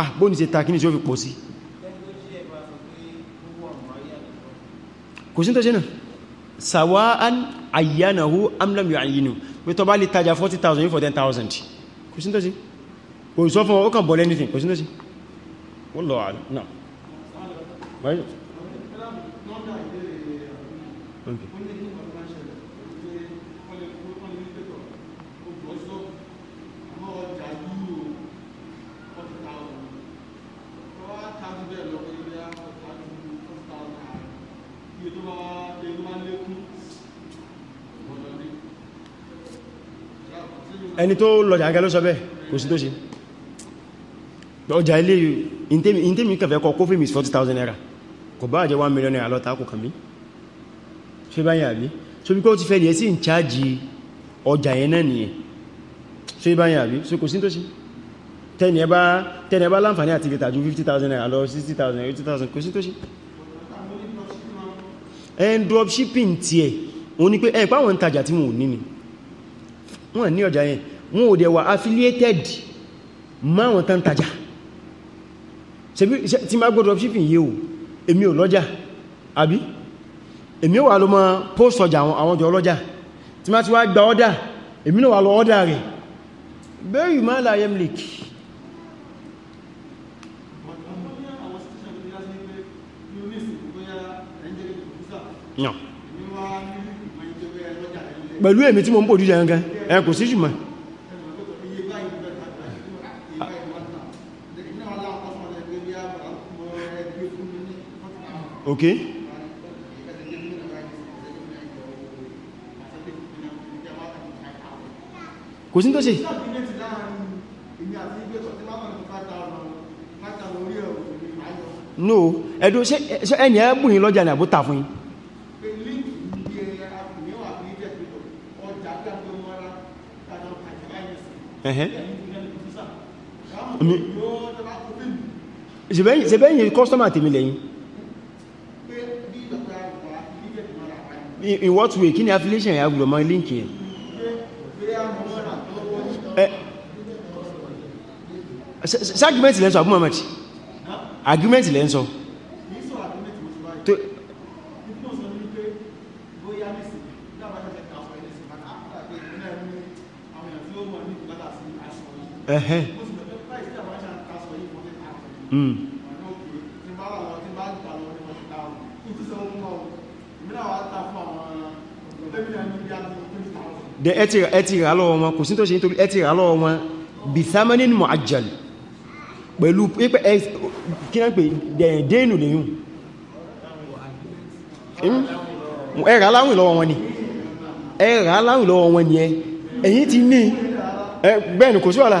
ah bó ní ṣe ta kíní tí ó kò sí tó sí náà sawa'an ayyanahu am lam yu'ayyinu pé tó bá lè tajà 40,000 yìí for 10,000 kò sí tó sí kò sọ fún ọ kàn bọ̀ lẹ́nìtìn kò sí tó sí wọ́n lọ́wọ́ náà ẹni tó lọ jàǹgẹ́ ló sọ bẹ́ẹ̀ kò sí tó ṣe ọjà ilé ìntẹ́mì kẹfẹ́ kọ kó fèmí 40,000 naira kò bá jẹ́ 1 million naira lọ́ta kò kàmí ṣe báyìí àbí so bí kó ti fẹ́ ní ẹ sí ń chájì ọjà yẹn náà nìyẹn ṣe bá láǹfààní àti and dropshipping tiẹ̀ òun ni pé ẹ̀ pàwọn ń tajà tí wọ́n ní ọjà yẹn wọ́n ò dẹ̀ wà affiliated máwọn tán tajà tí ma gbọ́dọ̀ shipping yíò èmi ò lọ́jà àbí èmi ò wà lọ mọ́ post ọjà àwọn ọjọ́ ọlọ́jà tí ma ti wá gba ọ́dà èmi náà wà lọ ọ́dà rẹ̀ bẹ́rì má láyé mìlìkì No pẹ̀lú èmi tí mo ń pòdú jẹun gan ẹ kò sí jùmọ̀ ok kò sí tó ṣe no ẹ̀dùn ṣe ẹni ẹ́ bùn yí lọ́jà ní àbúta fún yí ṣebẹ́yìn customer tèmi lẹ́yìn in what way kí ni affiliation ya gbùdọ̀ mọ́ link yẹn ṣe agreement lẹ́nsọ agreement lẹ́nsọ ẹ̀hẹ́ hmm. de ẹti rà lọ́wọ́ wọn kò sí tó ṣe nítorí ẹti rà lọ́wọ́ wọn bí thamanin mu'ajjal pẹ̀lú pípẹ́ kí náà pè dẹ̀ẹ̀dẹ́nù lèyún hmm? ẹ̀rà aláwìn lọ́wọ́ wọn ni ẹ̀rà aláwìn lọ́wọ́ wọn ni ẹ ẹ̀yìn ti ní bẹ́ẹ̀nù kò sí ọ̀la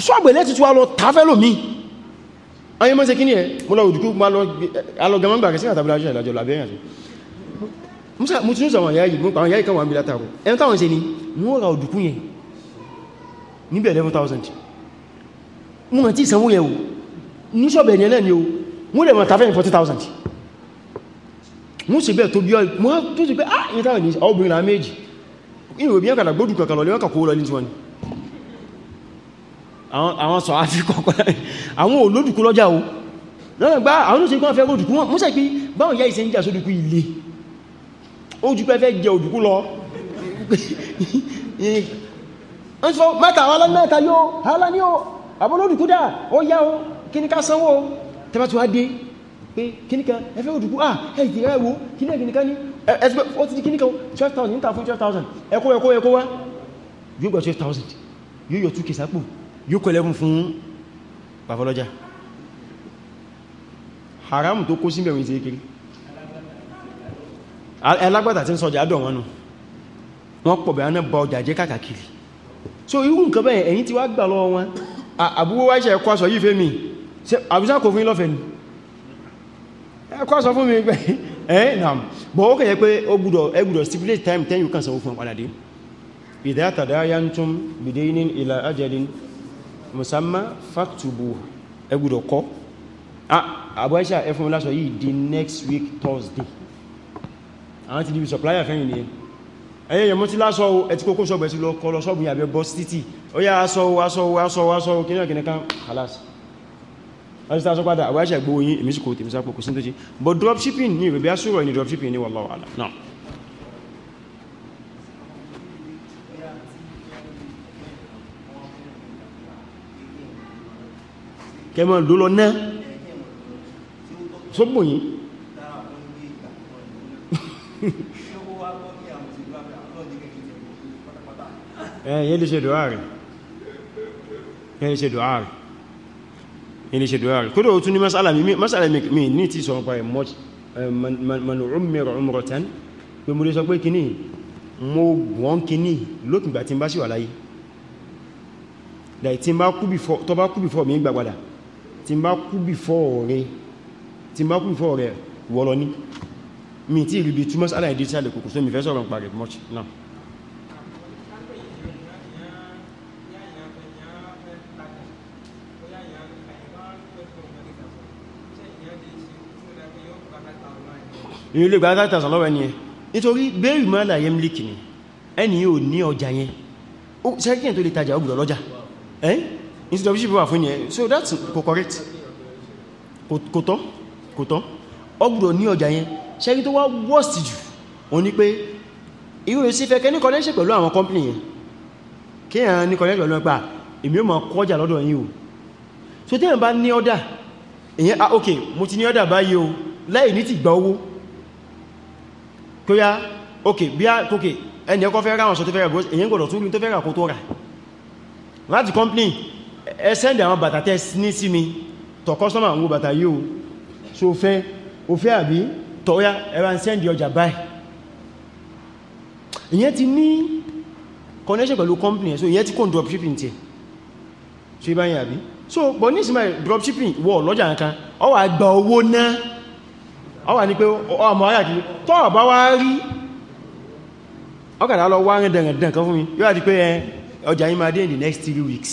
ṣọ́ọ̀bù ẹlẹ́tì tí wá lọ tàfẹ́ lómi ayé mọ́ sí kí ní ẹ mọ́ lọ òdùkú ma lọ alọ́gẹmọ́gbà kẹsí àtàbílá ṣe ìlàjọ làbẹ́yàn sí mú tí ó sàwọn yáyì mú pàwọn yáyì kan wà ń bí látàrù ẹn táwọn ṣe ni wọ́n ra òdùkú yẹn níbẹ̀ 11,000 mú tí ìsanwó yẹn o ní ṣọ́ọ̀bù ẹ̀yẹn náà ni o mú lẹ̀ mọ̀ tàfẹ́ 40,000 mú sí bẹ́ẹ̀ tó bí ọ àwọn sọ àfikọ̀kọ́ àwọn olódùkú lọ́jà o lọ́nà gbá àwọn òṣèlú kan fẹ́ òdùkú wọ́n mọ́sẹ̀ pé báwọn yá ìsẹ́ ń jà sódùkú ilé ó jù pẹ́ fẹ́ jẹ òdùkú lọ ń sọ mẹ́ta wọ́n lọ́nà yóò hálà ní ó àbọ́lódùkú dà ó yá ó kíníká sanwó tẹ́bàtù wá dé pé kíníká ẹfẹ́ òdùkú à ah, ẹ̀ ìdíra ẹ̀wò kíníkà kíníkà ní ẹ̀sùpẹ́ ó ti di kíníkà 12,000 ní ta fún 12,000 ẹ̀kọ́ ẹ̀kọ́ ẹ̀kọ́ wá yóò gbà 12,000 yóò yọ 2k sápò yóò fún pàfọ́lọ́já haram tó kó síbẹ̀ wọ́n ti kiri alágbàtà tí ń sọjà dọ̀ wọn nù wọ́n pọ̀bẹ̀ aná ọjà jẹ́ kàkàkiri so irú nǹkan bẹ́ẹ̀ ẹ̀yìn ti wá gbà lọ wọn àbúwọ́ wáṣẹ́ ẹ̀kọ́ aṣọ yìí fẹ́ mi àbúsá kò fún ilọ́fẹ́ ni ẹ̀kọ́ aṣọ fún mi pẹ́ ẹ̀ nàm bọ̀ ó kẹ̀yẹ pé ẹgbùdọ̀ stipulate time ten you sanwó fún bìdé ní ìlà musamma faktubu ẹgbùdọ̀ kọ́ àbúrẹ́ṣà ẹfún lásọ yìí the next week thursday àwọn ti di supplier fẹ́yìn ni ẹyẹ yẹmọ́ tí lásọ ẹtí kókó sọ bẹ̀sí lọ kọ́ lọ sọ́bùn yàbẹ̀ bọ́ títì ó yá aṣọ aṣọ aṣọ aṣọ kìnnìkan halas ọjọ́ tàṣọ padà àbúrẹ́ṣà gbóyìn èmísìkò tèmísàpọ̀ kò sí tó ṣe but drop dropshipping ni ìrẹ̀bẹ̀ asúrọ̀ ni dropshipping ni wallahu a'lam no. kẹmọ̀ ló lọ náà só bùn yí ẹ̀yẹ́ lè ṣe dùá rẹ̀ ẹ̀yẹ́ ṣe dùá rẹ̀ ẹ̀yẹ́ ṣe dùá rẹ̀ kódò ó tún ní masala mi ní tí sọ pa ẹ̀mọ́ manu umira umratan pé mo lè sọ pé kìíní before mi gbàgbàdà tí bá kú before rẹ̀ tí bá kú before rẹ̀ wọ́lọ ní mi tí ìrìbí túnmọ́ sí aláìdí tí a lè kòkò só mi fẹ́ sọ̀rọ̀ pàrẹ̀ much now ìyẹn lè gbá 5,000 lọ́wọ́ ẹni ẹ nítorí bẹ́ẹ̀rù máa láyé mílìkì ni ẹni yóò ní ọjà yẹn sẹ́kìn tó lè tajà ó lọ́jà ẹ́ instead of ṣíbí wà fún yẹn so that's correct kò tọ́ kò tọ́ ọgbùdọ̀ ní ọjà yẹn ṣẹ́rí tó wá worst jù o ní pé irú sí fẹ́ kẹ́ ní connection pẹ̀lú àwọn company yẹn kí yàn ní connection pẹ̀lú ọgbà èmi ò mọ̀ kọjà lọ́dọ̀ yìí o so tí yàn bá ní ọdà èyàn ah ok mo ti ní ọdà báyìí o láì ní ti gba owó kó yá ok bí a kókè ẹni ẹkọ́ fẹ́ ra àwọn sọ tó fẹ́ rà èyàn gbọ́dọ̀ tún rí tó fẹ́ rà kó tó rà láti company ẹ send àwọn bàtà tẹ́ ní sí mi tọ̀ kọ́sọ́mà àwọn bàtà yóò so fẹ́ o fẹ́ àbí tọ́ya ẹwà ń send ọjà báyìí ìyẹn ti ní connection pẹ̀lú company so ìyẹn ti kò dropshipping tí so ibá yẹn àbí so bọ̀ ní ìsinmi dropshipping wọ lọ́jà nǹkan ọ wà gba owó náà ọ wà ní pé ọmọ ayà kìí tọ́ ọ̀bá wá rí ọkàdá lọ wá rẹ̀ dẹ̀rẹ̀ dẹ̀rẹ̀ kan fún mi yóò wà di pé ọjà yìí máa dé in the next three weeks